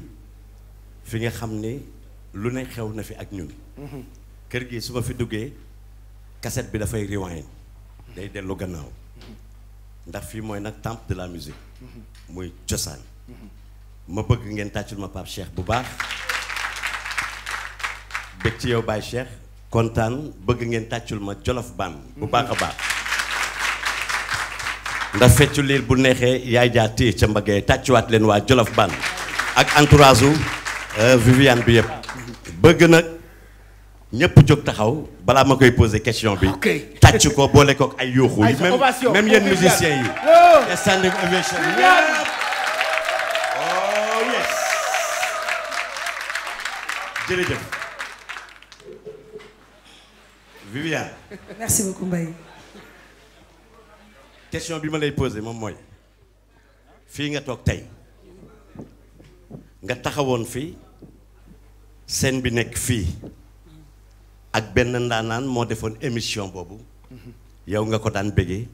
E: fi nga xam ni lu ne xew na fi ak ñun mhm. kër gi su ma fi duggee cassette bi dafay rewind day dellu gannaaw mhm. ndax fii mooy nag temple de la musique mhm. muy cosaan ma bëgg ngeen tàccul ma Pape Cheikh bu baax bëgg ci yow Baye Cheikh kontaan bëgg ngeen tàccul ma Jolof Baan bu baax a baax ndax feccu liir bu neexee yaay jaa téye ca mbaggee tàccuwaat leen waa Jolof Baan ak entourage u euh, Viviane bi yëpp bëgg nag ñëpp jóg taxaw balaa ma koy poser question bi tàcc ko boole kook ay yuuxu yi même même yi jërëjëf Viviane. merci beaucoup bi ma lay posé moom mooy fii nga toog tey nga taxawoon fii scène bi nekk fii ak benn ndaanaan moo defoon émission boobu yow nga ko daan bëggee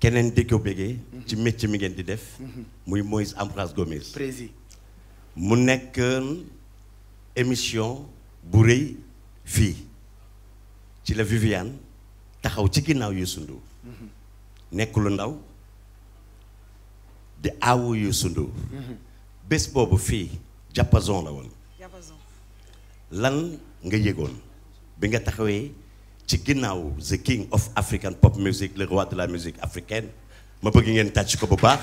E: keneen di ko bëggee ci métier mi ngeen di def muy Moïse Ambroise Gomis mu nekk émission bu rëy fii ci la Viviane taxaw ci ginnaaw Youssou Ndour nekk lu ndaw di aawu Youssou Ndour bés boobu fii jàppazon la woon lan nga yëgoon bi nga taxawee ci ginnaaw the king of African pop music le roi de la musique africaine ma bëgg ngeen tàcc ko bu baax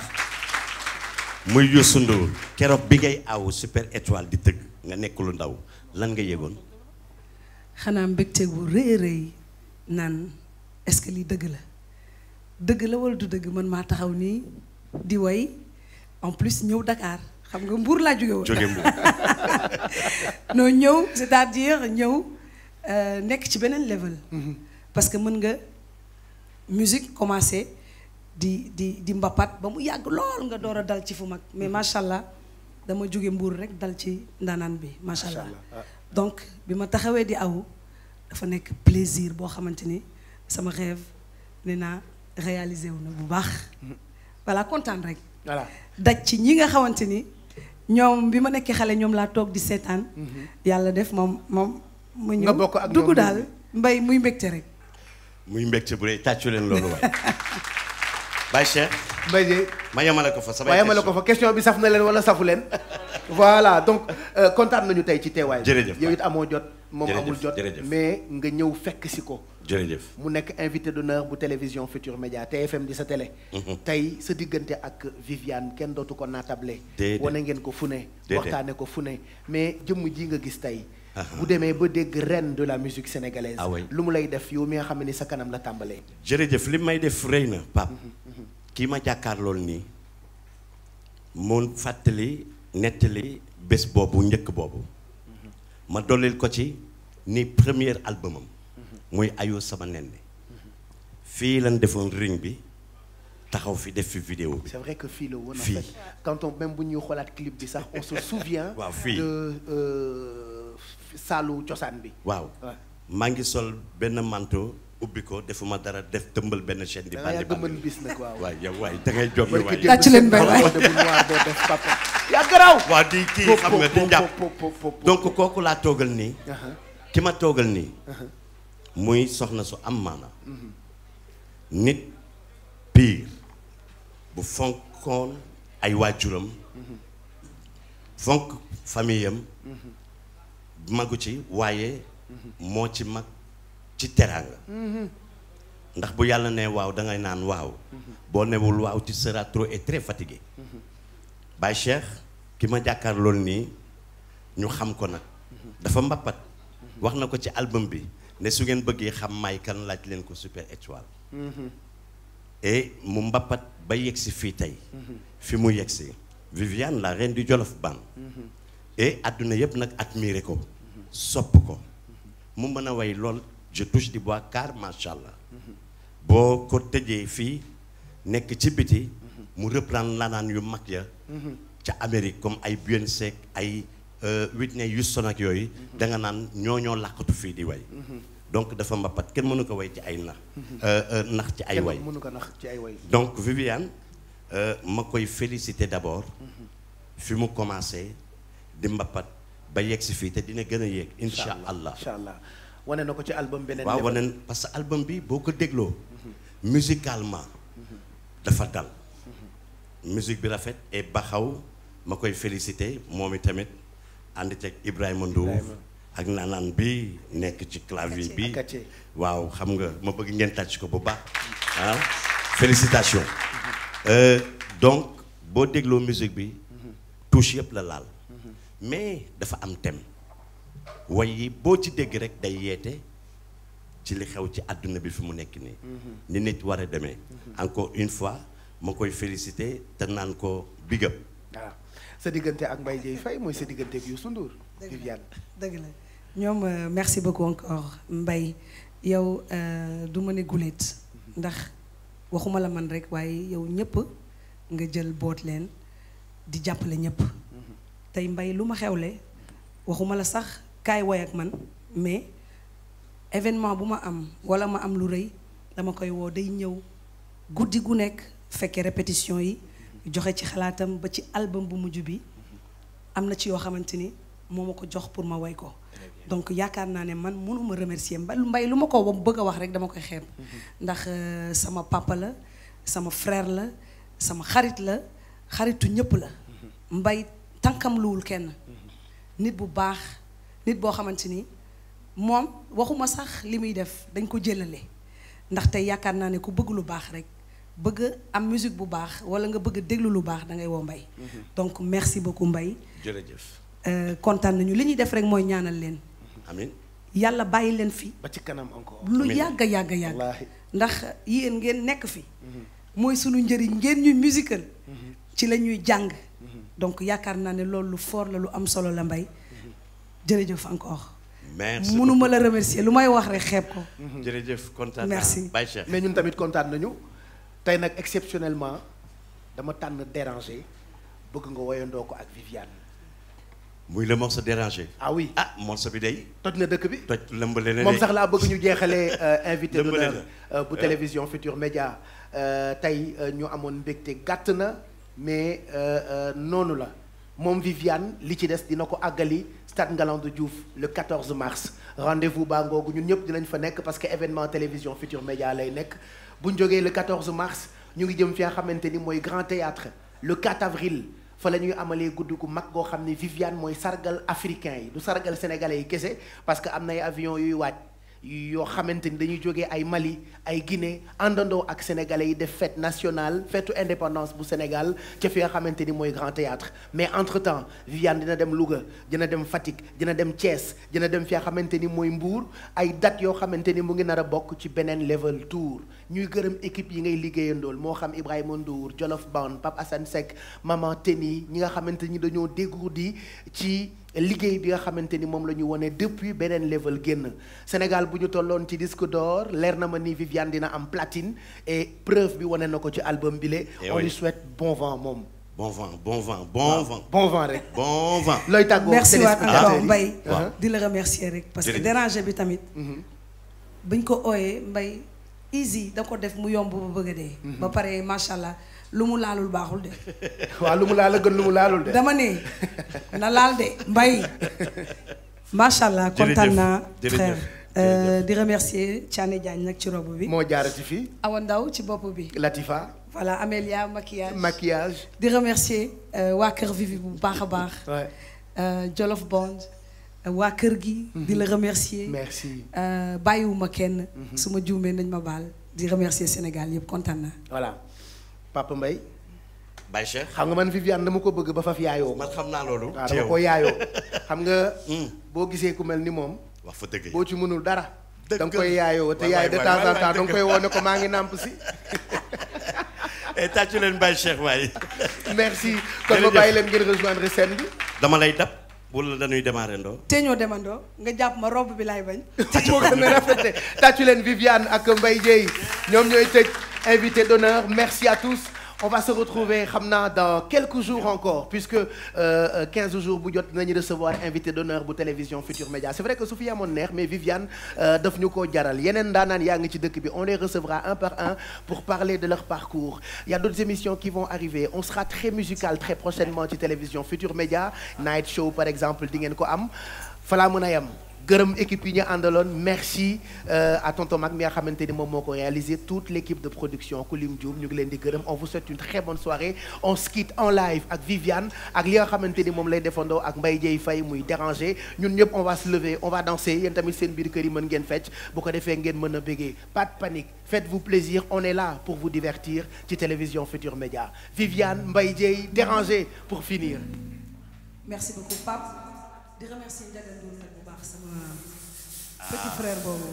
E: muy Youssou Ndour keroog bi ngay aawu super étoile di tëgg nga nekk lu ndaw lan nga yëgoon.
B: xanaa mbégte bu rëy rëy naan est-ce que lii dëgg la dëgg la wala du dëgg man maa taxaw nii di way en plus ñëw Dakar xam nga Mbour laa jóge woon. jóge *laughs* ñëw c'est-à-dire ñëw euh, nekk ci beneen level. Mhm. parce que mën nga musique commencé di di di mbapat ba mu yàgg lool nga door a dal ci fu mag mais mhm. macha allah. dama jóge mbuur rek dal ci ndaanaan bi macha allah ah. donc bi ma taxawee di aw dafa nekk plaisir boo xamante ni sama rêve ne naa réalisé wu na bu baax hmm. voilà kontaan rek. voilà daj ci ñi nga xamante ni ñoom bi ma nekkee xale ñoom laa toog di seetaan. Hmm. yàlla def moom moom. mu ñëw dugg daal mbay muy mbégte rek.
E: muy mbégte bu rëy tàccu leen loolu waaye. *laughs* Baye Cheikh. Mbaye Dieye ma yemale ko fa ma yemale
A: ko fa question bi saf na leen wala safu leen. voilà donc euh, kontaan nañu tey ci teewaay. jërëjëf yow it amoo jot. moom amul jot mais nga ñëw fekk si ko. jërëjëf mu nekk invité d'honneur bu télévision Futur Média TFM di sa télé. Mhm. tey sa diggante ak Viviane kenn dootu ko naatable. déedéet wane ngeen ko fu ne. waxtaane ko fu ne mais jëm ji nga gis tey. bu demee ba dégg reine de la musique sénégalaise. Ah lu mu lay def yow mi nga xam ne sa kanam la tàmbalee.
E: jërëjëf li may def rëy na Pape. Mhm. kii ma jàkkaar lool nii mu fàttali nettali bés boobu njëkk boobu ma dollil ko ci ni première premier albumam muy ayoo sama nen fii lan defoon ring bi taxaw fi def fi vidéo bi.
A: c'est que fii la woon en fait quand bu ñuy xoolaat clip bi sax on se souvient. *laughs* waaw fii de euh, saalu cosaan bi. waaw
E: maa ngi sol benn manteau. ubbi ko defuma dara def tëmbal benn chaîne di bandi bandi bis nag waaw waay yow waay da ngay jom waay tàcc kooku laa toogal nii uh-huh. ki ma toogal nii uh-huh. muy soxna su am maana mm-hmm. nit piir bu fonkoon ay waajuram mm-hmm. fonk famille
C: mm-hmm.
E: magu ci waaye moo ci mag ci teraanga ndax bu yàlla ne waaw dangay naan waaw boo newul waaw tu seras trop et très fatigué Baye Cheikh ki ma jàkkaar lool nii ñu xam ko nag dafa mbappat wax na ko ci album bi ne su ngeen bëggee xam may laaj leen ko super étoile et mu mbappat ba yegsi fii tey fi mu yegsi Viviane la reine du Jolof Band et àdduna yëpp nag admiré ko sopp ko mu mën a way lool je touche di bois car macha allah. boo ko tëjee fii nekk ci biti. mu reprendre lanaan yu mag ya. ca Amérique comme ay Beyoncé ay euh, Whitney Houston ak yooyu. da nga naan ñoo ñoo làqatu fii di way. donc dafa mbappat kenn mënu ko way ci ay nax. Euh, euh, nax ci ay way mënu
A: ko nax ci ay way. donc
E: Viviane ma koy féliciter d'abord. fi mu commencé di mbappat ba yegg si fii te dina gën a yéeg. incha allah.
A: wane na ko ci album beneen waaw wane
E: parce que album bi boo ko dégloo musicalement dafa dal musique bi rafet et baxaw ma koy félicité moom i tamit ànd ceeg Ibrahima Ndour ak naanaan bi nekk ci clavier bi waaw xam nga ma bëgg ngeen tàcc ko bu baax ah félicitation euh, donc boo dégloo musique bi touche yëpp la laal mhm. mais dafa am thème way yi boo ci dégg rek day yeete ci li xew ci àdduna bi fi mu nekk nii mhm. ni nit war a demee mhm. encore une fois ma koy félicité te naan ko big up
A: waaw ah. sa diggante ak Mbaye mooy sa diggante ak Youssou Ndour Viviane dëgg la
B: ñoom euh, merci beaucoup encore mbay yow euh, du ma ne guléet mhm. ndax waxuma la man rek waaye yow ñëpp nga jël boot leen di jàppale ñëpp tey Mbaye lu ma xewle waxuma la sax kaay woy ak man mais événement bu ma am wala ma am lu rey dama koy woo day ñëw guddi gu nekk fekkee répétition yi joxe ci xalaatam ba ci album bu mujj bi am na ci yoo xamante ni moo ma ko jox pour ma woy ko donc yaakaar naa ne man mënuma remercier mbay mbay lu ma ko bëgg a wax rek dama koy xeeb ndax euh, sama papa la sama frère la sama xarit la xaritu ñëpp la mbay tànkam luwul kenn nit bu baax nit boo xamante ni moom waxuma sax li muy def dañ ko jëlale ndaxte yaakaar naa ne ku bëgg lu baax rek bëgg am musique bu baax wala nga bëgg déglu lu baax da ngay woo Mbaye mhm. donc merci beaucoup mbay jërëjëf euh, kontaan nañu li ñuy def rek mooy ñaanal leen amin yàlla bàyyi leen fi
E: ba ci kanam lu yàgg
B: yàgg yàgg ndax yéen ngeen nekk fi mhm. mooy sunu njëriñ ngeen ñuy musical mhm. ci la ñuy jàng donc yaakaar naa ne loolu lu fort la lu am solo la mbay
A: jërëjëf encore.
E: merci mënuma
A: la remercier lu may wax rek xeeb ko.
E: Mhm, jërëjëf kontaan naa merci mais ñun
A: tamit kontaan nañu. tey nag exceptionnellement dama tànn déranger bëgg nga woyandoo ko ak Viviane.
E: muy le morceau dérangé. ah oui ah morceau bi day. toj na dëkk bi toj lëmbale na moom sax laa bëgg
A: ñu jeexalee *laughs* euh, invité d'honneur euh, bu euh. télévision Futur Média tey ñu amoon mbégte gàtt na mais noonu la. moom Viviane li ci des dina ko àggali stade Ngalandou Diouf le 14 mars rendez-vous baa ngoogu ñun ñëpp dinañ fa nekk parce que événement télévision Futur Média lay nekk bu ñu jógee le 14 mars ñu ngi jëm fi nga xamante ni mooy Grand Théâtre le 4 avril fa la ñuy amalee gudd gu mag goo xam ne Viviane mooy sargal africain yi du sargal sénégalais yi kese parce que am na ay avion yuy waaj yoo xamante ni dañuy jógee ay Mali ay Guinée àndandoo ak sénégalais yi def fête nationale fêtu indépendance bu Sénégal ca fi nga xamante ni mooy Grand Théâtre mais entre temps Viviane dina dem luga dina dem Fatick dina dem Thiès dina dem fi nga xamante ni mooy Mbour ay date yoo xamante ni mu ngi nar a bokk ci beneen level tour ñuy gërëm équipe yi ngay liggéeyandool moo xam Ibrahima Ndour Jolof Band Pape Assane Seck Maman Teni ñi nga xamante ni dañoo dégourdi ci. liggéey bi nga xamante ni moom la ñu wone depuis beneen level génn Sénégal bu ñu tolloon ci disque d'or leer na ma ni Viviane dina am platine et preuve bi wone na ko ci album bile eh on lui souhaite bon vent moom
E: bon vent bon vent bon vent bon vent rek bon vent looy tàggoo merci waat encore
B: di la remercier rek parce que déranger bi tamit mhm. buñ ko ooyee Mbaye easy da ko def mu yomb ba bëgg dee mhm. ba pare macha allah. lu mu laalul baaxul de.
A: *laughs* waaw lu mu laal la gën lu mu laalul de. dama ne
B: na laal de mbay. macha allah kontaan naa. jërëjëf euh, di remercier Thiané Diagne nag ci robe bi. moo jaarati Ndaw ci bopp bi. Latifa. voilà Amélia maquillage
A: maquillage.
B: di remercier euh, waa Kër Vivi bu baax a baax. Euh, Jolof Bond. waa kër gi. Mhm. di la remercier. merci bàyyiwuma kenn. Mhm. su ma juumee nañ ma baal
A: di remercier Sénégal yëpp kontaan naa. Papa mbay Baye Cheikh xam nga man Viviane dama ko bëgg ba faf yaayoo man xam naa loolu waaw dama ko yaayoo *laughs* xam nga hmm. boo gisee ku mel ni moom wax fa dëgg boo ci mënul dara da nga koy yaayoo te yaay de ko maa ngi nàmp si
E: *laughs* eh, tàccu leen Baye waay *laughs*
A: merci kon ma bàyyi leen
E: ngeen rejoindre dama lay dab wala dañuy démarrer ndoo
A: te ñoo
B: demandoo nga jàpp ma rob bi laay bañ
A: moo gën a leen Viviane ak Mbaye Dieye ñoom ñooy tëj invité d'honneur merci à tous on va se retrouver xam naa dans quelques jours encore puisque euh, 15 euh, jours bu jot nañu recevoir invité d'honneur bu télévision Futur Média c'est vrai que su fi amoon neex mais Viviane euh, daf ñu jaral yeneen daanaan yaa ngi ci dëkk bi on les recevra un par un pour parler de leur parcours i y a d'autres émissions qui vont arriver on sera très musical très prochainement télévision Futur Média Night Show par exemple di ngeen ko am mën a gërëm équipe yi ñu àndaloon merci euh, à tonton Mag mi nga xamante ni moom moo ko réalisé toute l' équipe de production Koulim Dioum ñu ngi leen di gërëm on vous souhaite une très bonne soirée on se en live ak Viviane ak li nga xamante ni moom lay defandoo ak Mbaye Dieye Faye muy déranger ñun ñëpp on va se lever on va danser yéen tamit seen biir kër mën ngeen fecc bu ko defee ngeen mën a bégee pas de panique faites-vous plaisir on est là pour vous divertir ci télévision Futur Média Viviane Mbaye Dieye déranger pour finir merci
E: petit frère boobu.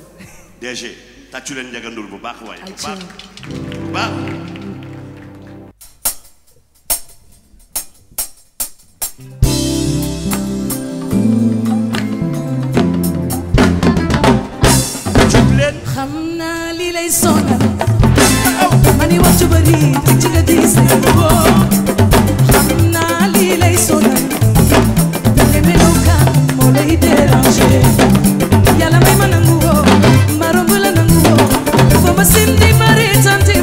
E: DG tàccu leen njagandul bu baax waaye. bu baax bu baax.
C: jóg leen. xam naa li lay sonal. ma ni wax ju bëri ci nga diis xam naa li lay sonal. da ngay mel ni moo lay déranger. Simba Simdi Maritanti